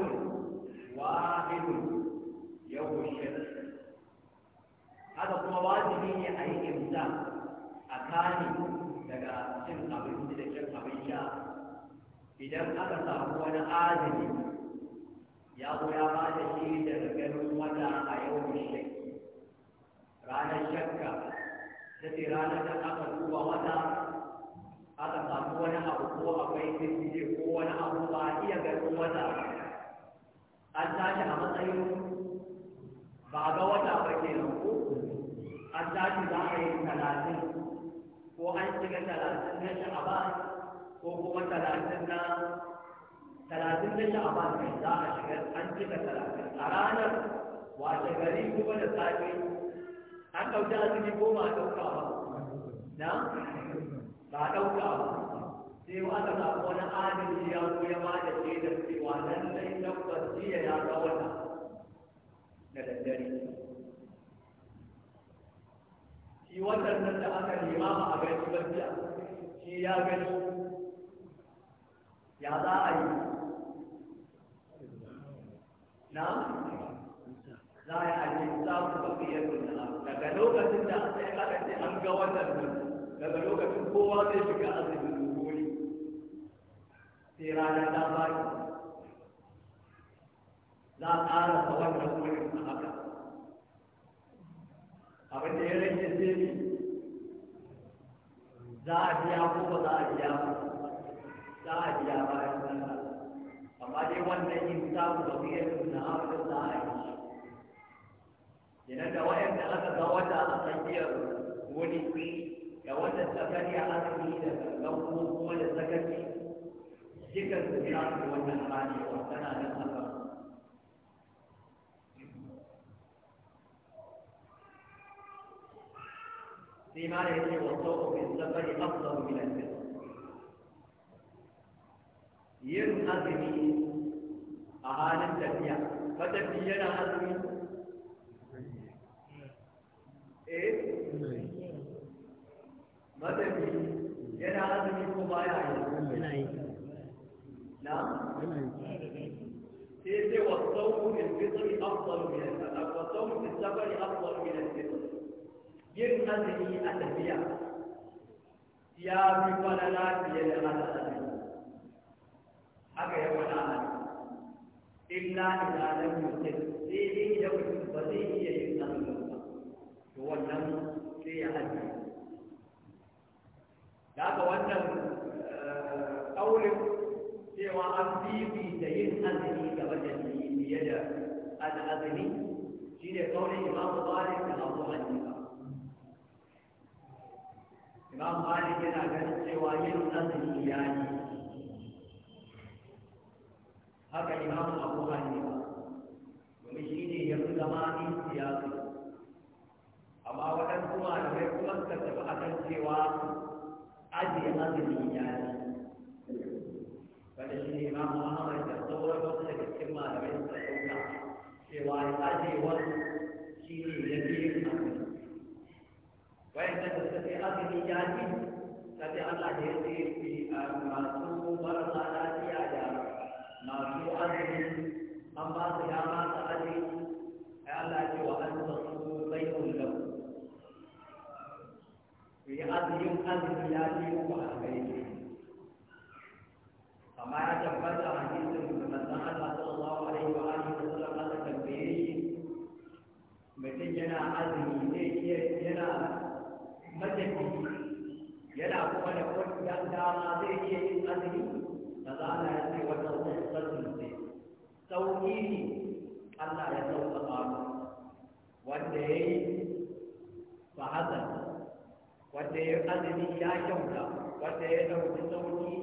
واحد يوم الشمس هذا daga cin abinci da cin abin sha idan aka samu wani adali ya zo ya ba da shi daga ganin wata a yau da shakki ranar shakka ta ce ranar da aka duba wata aka samu wani abu ko akwai sirri ko wani abu ba iya ganin wata an tashi a matsayin ba ga wata ba ke nan ko an tashi za a yi talatin ko an shiga talatin na sha'aban ko kuma talatin na talatin na sha'aban kai za a shiga an shiga talatin a ranar wace gari kuma da safe an ɗauki azumi goma a ɗauka ba na ba a ɗauka ba sai aka samu wani adalci ya zo ya ba da shaidar cewa lallai tabbas jiya ya ga wata da daddare shi wannan nan da aka nema a gani barciya shi ya gani ya za a yi na za a yi za ku ake samun bakiyar daga lokacin da aka yi aka ce an ga wannan nan daga lokacin kowa zai shiga azumin wuri sai rana ta baki za a ƙara wannan wurin a haka abin da ya rage sai ne za a biya ko ba za a biya ba za a biya bayan sallah amma dai wannan yin samun da biyar na abin da a yi idan da wayanda aka ga wata a tsakiyar wani da wata tsakari a asali da gangan kuma da tsakari dukkan su ya wannan hali wa tana nan a sai ma da yake wato safari afdal min yin azumi a halin tafiya matafi yana azumi azumi ko baya yi na sai sai wasu sauƙin fitri afdal min al-fitr wasu sauƙin safari afdal min al yin azumi a tafiya ya fi falala fiye da hada azumi haka ya fada a nan illa ila lam yutin sai dai ya mutum ba zai iya yin azumi ba to wannan sai ya haji da haka wannan eh, ƙaunin cewa an bibi da yin azumi gaba da fiye da al'azumi shi ne ƙaunin imamu malik da abu hannu imam malik yana ganin cewa yin azumi ya yi haka imam abu hanifa domin shi ne ya fi zama siyasa amma waɗansu malamai kuma suka tafi a kan cewa ajiye azumi ya yi wanda shi ne imam muhammad da sauran wasu daga cikin malamai suka ɗauka cewa ajiyewar shi ne ya فإن تستطيع بجانب فتي الله يهدي في معصوم برزانا سيادة معصوم أجل أما سيامات أجل الله وأن تصوم بين له في أجل أجل يأتي وأبيه فما يتفرد حديث من الله صلى الله عليه وآله matafi yana kuma da kwanciyar dama zai iya yin azumi da za a ya ce wata sassan ce sauƙi ne Allah ya sauka mu wanda ya yi fahazan wanda ya yi azumi ya kyauta wanda ya ɗauki sauƙi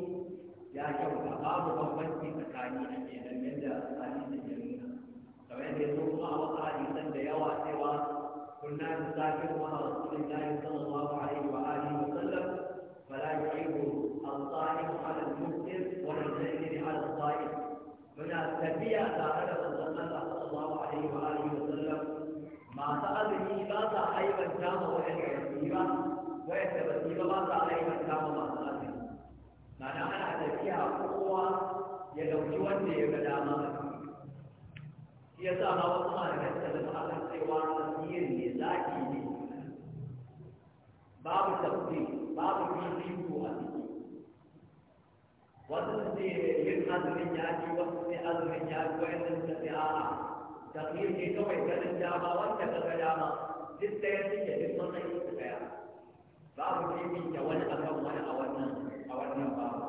ya kyauta babu bambanci tsakani a kenan yadda hadisin ya nuna kamar yadda ya zo kuma a wasu hadisan da yawa cewa كنا نسافر مع رسول الله صلى الله عليه وآله وسلم فلا يعيب الصائم على المسلم ولا المسلم على الصائم هنا تبيع تعالى صلى الله عليه وآله وسلم ما سألني لا صاحب الجامع ولا العزيمة ويتبسيب ما صاحب الجامع ما سألني معنى أنا تبيع قوة يدوجي وانده يبدأ ما سألني يسأل الله أن يتبسيب على الصيوان الصيوان itlaki ne babu tafsir babu fifiko a ciki wasu su ce yin azumin ya ji wasu ne azumin ya ji wa'anda suka ce a'a tafsir ne kawai ganin dama wanda ka ga dama duk ɗaya suke duk matsayin su ɗaya babu fifita wani akan wani a wannan a wannan babu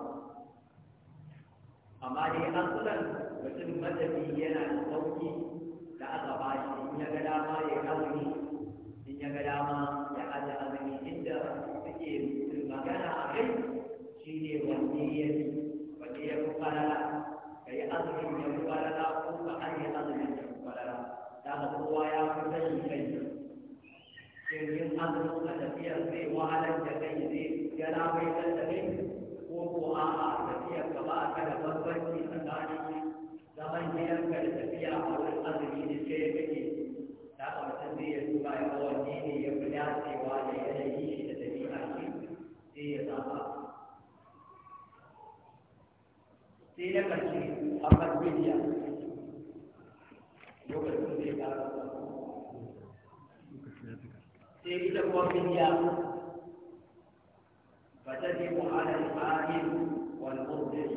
amma dai asalan mutum madabi yana da sauki da aka bashi in ya ga dama ya azumi ga dama da azami inda suke magana a kai shi ne wanne ya fi wanne ya fi falala ka yi azumin ya fi falala ko ka an yi azumin ya fi falala da ka kowa ya fi sani kai shin yin azumin a tafiyar zai wahalar da kai zai gana mai tattare ko ko a'a tafiyar gaba a kada bambanci tsakanin zaman gidan kasance a Madridiya lokacin da ya fara sai ita kuma bidiya ba ta ce ko ala imanin wal murjai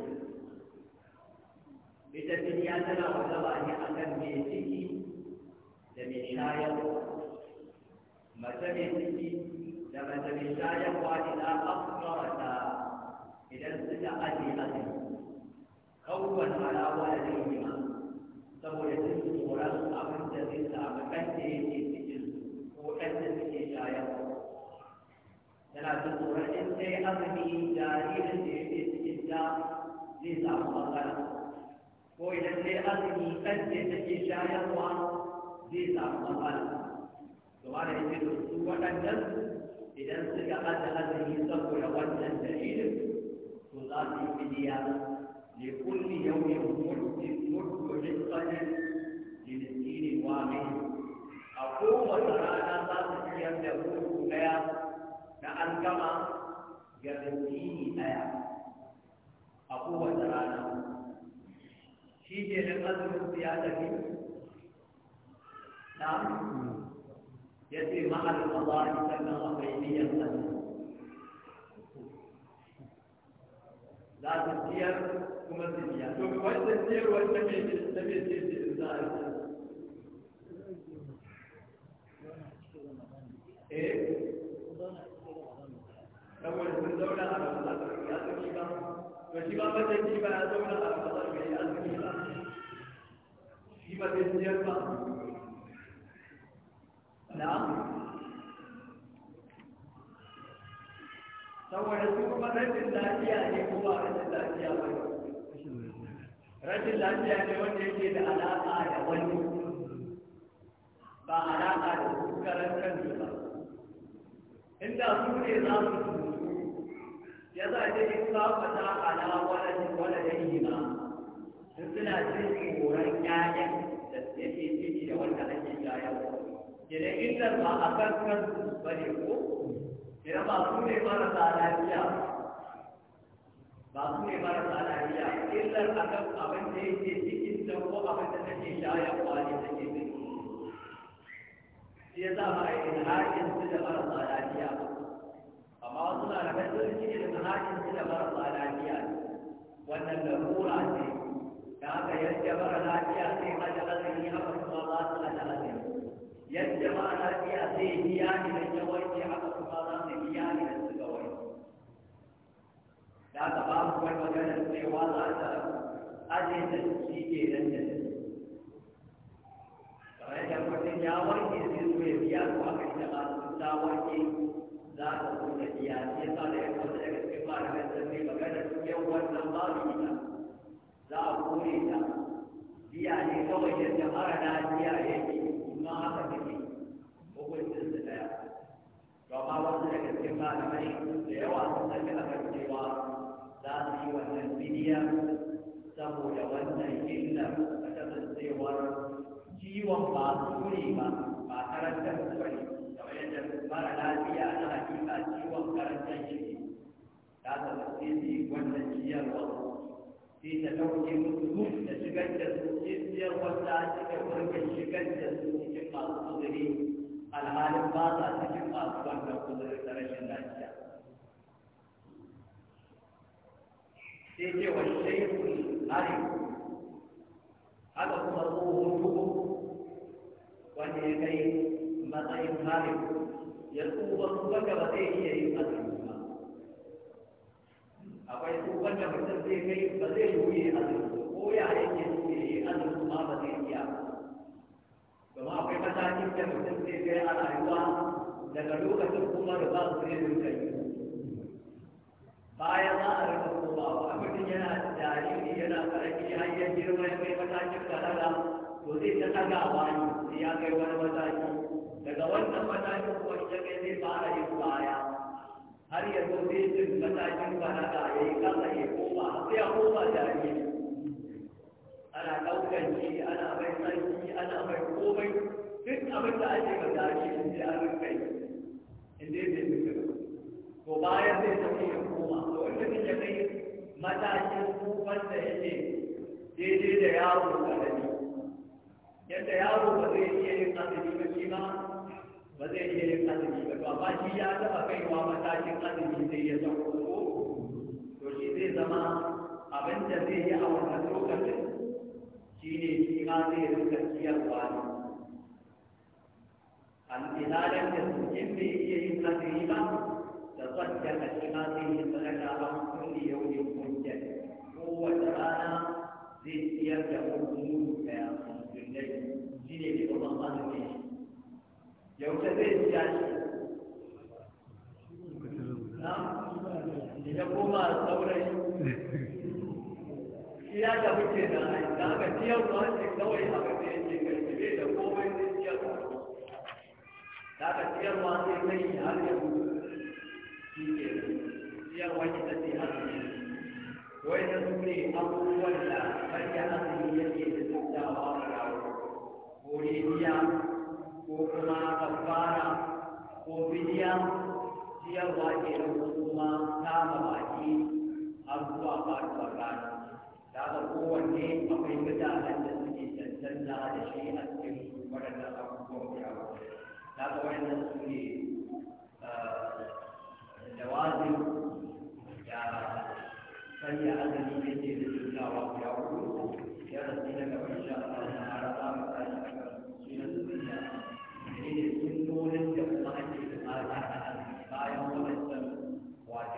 ita bidiya tana wajaba ne akan mai ciki da mai shayarwa mace mai ciki da mace mai shayarwa idan akwai wata idan suka ajiye azumi عدوا على والديهما saboda sun yi tsoron abin da zai samu kan da yake cikin ko kan da suke shayarwa yana jin tsoron in sai azumi jaririn da yake cikin da zai samu matsala ko idan sai azumi kan da take shayarwa zai samu matsala kuma da yake da su waɗannan idan suka aza azumi saboda wannan dalilin to za su yi fidiya لكل يوم ملك رزقا للدين واحد أقوم وترانا ذات اليوم يقول ليا نألكما نعم يرزقين ليا أقوم وترانا شيء لقدر زيادة نعم, نعم. يتي مع القضاء سنة غيبية za su siyar kuma su biya to mai ta mai ce ce za a yi eh zauna a ya su ba to shi ba mata shi ba ya zauna a ya su ba shi ba zai siyar ba na'am saboda su kuma rashin lafiya ne kuma rashin lafiya ba rashin lafiya ne wanda yake da alaƙa da wani ba alaƙa da su karan kansu ba inda su ne za su tutu ya za ta yi sabata ala wani wani yanyi ba sun suna jin tsoron ƴaƴan da yake ciki da wanda ake shayarwa kenan inda ba a kan kansu ba ne ko idan ba su ne marasa lafiya ba su ne marasa lafiya illar akan abin da yake cikin ta ko abin da take shayarwa ne take ciki shi ya sa ba a yi hakin su da marasa lafiya amma wasu na da kasar shi ne da hakin su da marasa lafiya wannan larura ce da aka yanke mara lafiya sai hada azumi haka kuma ba su hada azumi yanke mara lafiya sai biya ne da yawanci haka iyali da suka wani da aka ba mu wani magana cewa za ta ajiye da shi ke nan da shi kamar yadda mutum ya warke zai zo ya biya ko aka yi da ba su ta warke za ta zo da biya ya sa da ya kwanta daga cikin ba da kan sai magana yau wannan babu ita za a kore ta biya ne kawai yadda mara lafiya yake kuma haka take hukunta amma wasu daga cikin malamai da yawa sun sake akan cewa za su yi wannan bidiya saboda wannan illar a kasancewar ciwon ba su ne ba ba karantar su ba ne kamar yadda mara lafiya na hakika ciwon karantar shi ne su kasance su yi wannan ciyarwa sai ta ɗauke musu da shigar da su ciyarwa ta cikin wurin shigar da su cikin masu uzuri alhalin ba sa cikin masu da kuma da rashin lafiya sai ce wa shaikun hari haka kuma tsohon dubu wanda ya kai matsayin hari ya tsufa tsufa ga ba zai iya yin azumi ba akwai tsufan da mutum zai kai ba zai yi azumi ko ya yake so ya yi azumi ba zai iya ba domin akwai matakin da mutum zai kai a rayuwa daga lokacin kuma da ba su zai rinka yi bayan za a rinka koma a mutum yana jariri yana karami har ya girma ya kai matakin balaga to zai ta ɗaga wani sai ya kai wani mataki daga wannan matakin kuma ita kai zai fara yin baya har yanzu zo zai cin matakin balaga ya yi kasa ya koma sai ya koma jariri ana ɗaukar shi ana mai tsarki ana mai komai duk abin da ake ba ta shi in an rufe in dai zai rufe to bayan zai tafi ya koma to wanda ya kai matakin kufan da yake daidai da yaro ƙarami yadda yaro ba zai iya yin azumi ba shi ma ba zai iya yin azumi ba to amma shi ya taɓa kaiwa matakin azumi sai ya zama ko to shi zai zama abin da zai yi a wannan lokacin shi ne shi ma zai rinka ciyarwa ne al'ilalar da su in bai iya yin azumi ba da son jaka shi ma zai yi sadaka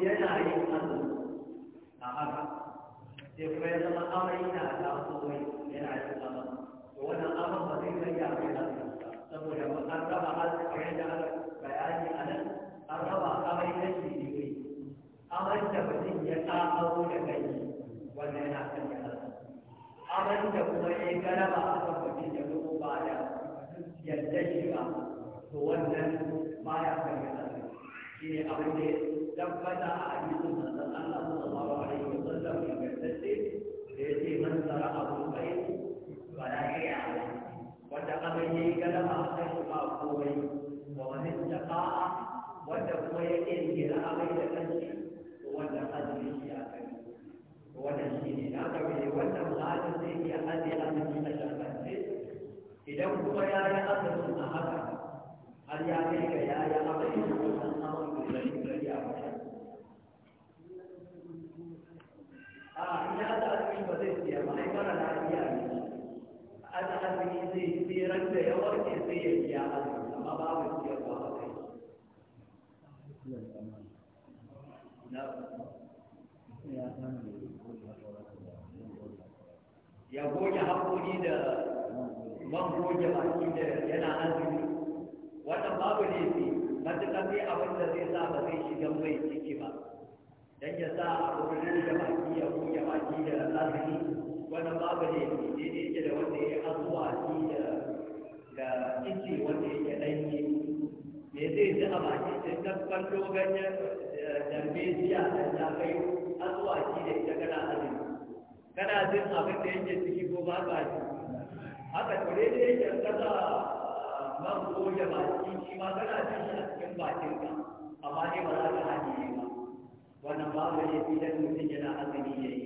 yana yin azumi a haka sai kuma ya zama amai na tasowai yana yin amai to wannan amai ba zai kai ya kai azumi saboda ba an raba azumi kamar da aka bayani a nan an raba amai na shi ne amai da mutum ya tsaro da kai wanda yana kan ya amai da kuma ya galaba a kan mutum ya zo ba da yadda shi ba to wannan ba ya ya shine abin da ya tabbata a hadisin manzon Allah sallallahu alaihi wa sallam ingantacce da ya ce man tsara abu bai wala ya wanda abin ya yi galama a kan shi ba wa wani taqa'a wanda kuma ya kirkira abin da kanshi wanda azumi ya kai wannan shi na ga mai wannan halin zai iya ajiye azumi a shakance idan kuma ya yi azumin a haka har ya kai ga ya yi azumin ya da azumi ba zai siya ba ai mara lafiya ne ana azumi zai tseren da ya warke sai ya biya azumi amma babu siyarwa a kai ya goge haƙoƙi da man goge baki da yana azumi wannan babu ne laifi matuƙar dai abin da zai sa ba zai shiga mai ciki ba dan ya sa a rubutu da baki ya da al'amari wani babu ne daidai yake da wanda ya azuwa da ga kici wanda yake ɗanye me zai ji a baki sai ta kwallo ganyen eh, da zafai azuwa shi da ita kana azumi kana jin abin da yake ciki ko ba ka ji haka to da yake kasa eh, man ya baki shi ma kana jin shi a cikin bakinka amma dai ba za ka hajiye ba wannan babu ne idan mutum yana azumi ya yi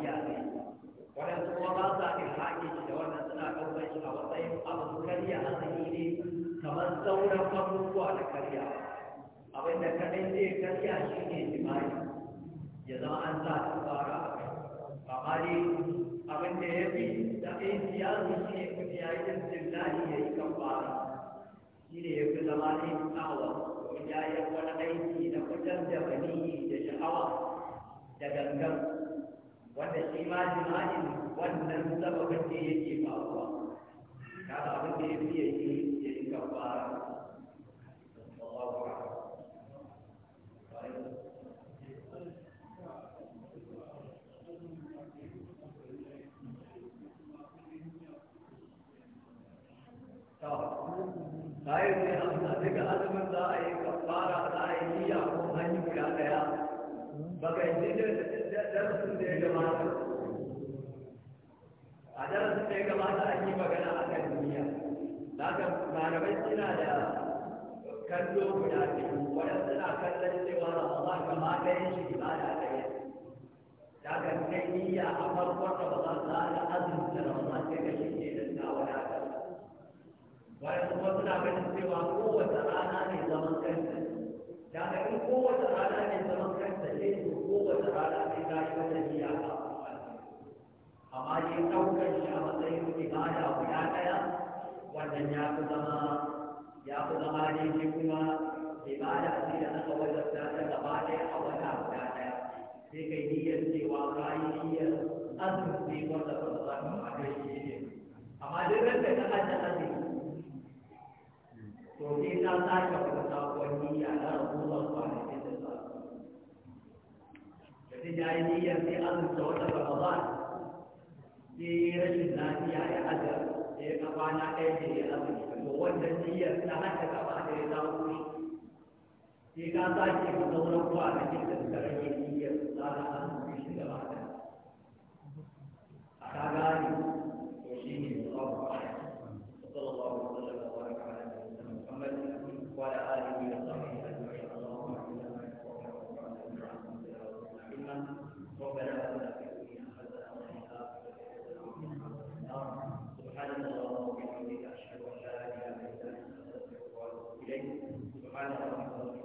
iya kai waɗansu kuma ba sa ilhaƙi shi da wannan suna ɗaukar shi a matsayin abu karya asali ne kamar sauran abubuwa da karya abin da kaɗai zai karya shi ne jima'i ya zama an sa ta fara a kai abin da ya fi da ɗaya siyasa shi ne kuma ya yi jinsillahi ya yi kan fara shi ne ya fi zama ne awa ya yi wani aiki na fitar da maniyi da sha'awa da gangan wanda shi ma jima'in wannan sababin ne yake faruwa kaga abin da ya fi ya yi ya yi gabara kayan ne amsa daga azumin za a yi kafara za a yi ko hanyar ya daya baka yi darasin da ya gabata an magana a kan duniya da haka malamai suna da kallo guda biyu wadanda suna kallon cewa ramadan gaba ɗaya shi ibada ɗaya da haka kai niyya a farkon ramadan za a da azumin da ramadan sai ka shi da ta wadata kuma suna ganin cewa kowace rana ne zaman kanta da kowace rana ne amma dai ɗaukar shi a matsayin ibada guda ɗaya wannan ya fi zama ya fi zama ne shi kuma ibada ce da aka wajabta ta gaba ɗaya a wata guda ɗaya sai kai niyyar cewa ka yi niyyar azumi wanda ba za ka fada shi ne amma duk da ka aje azumi to sai ta sake furta wani niyya na rabuwar kwanakin da za su da ta yi niyyar sai azumta wata ba ramadan sai rashin lafiya ya haɗa da ya kafa na ɗaya da ya zama to wannan niyyar ta haɗa gaba da ya zama kushi sai ka sake ka sauran kuwa na jin da suka rage niyyar za ka an kushi gaba da a ka gane to shi ne tsawon baya sallallahu alaihi wa sallam wa baraka ala nabiyina muhammad wa ala alihi wa sahbihi ajma'in اللهم اغفر لنا وارحمنا وارحمنا وارحمنا ربنا Meiner Meinung nach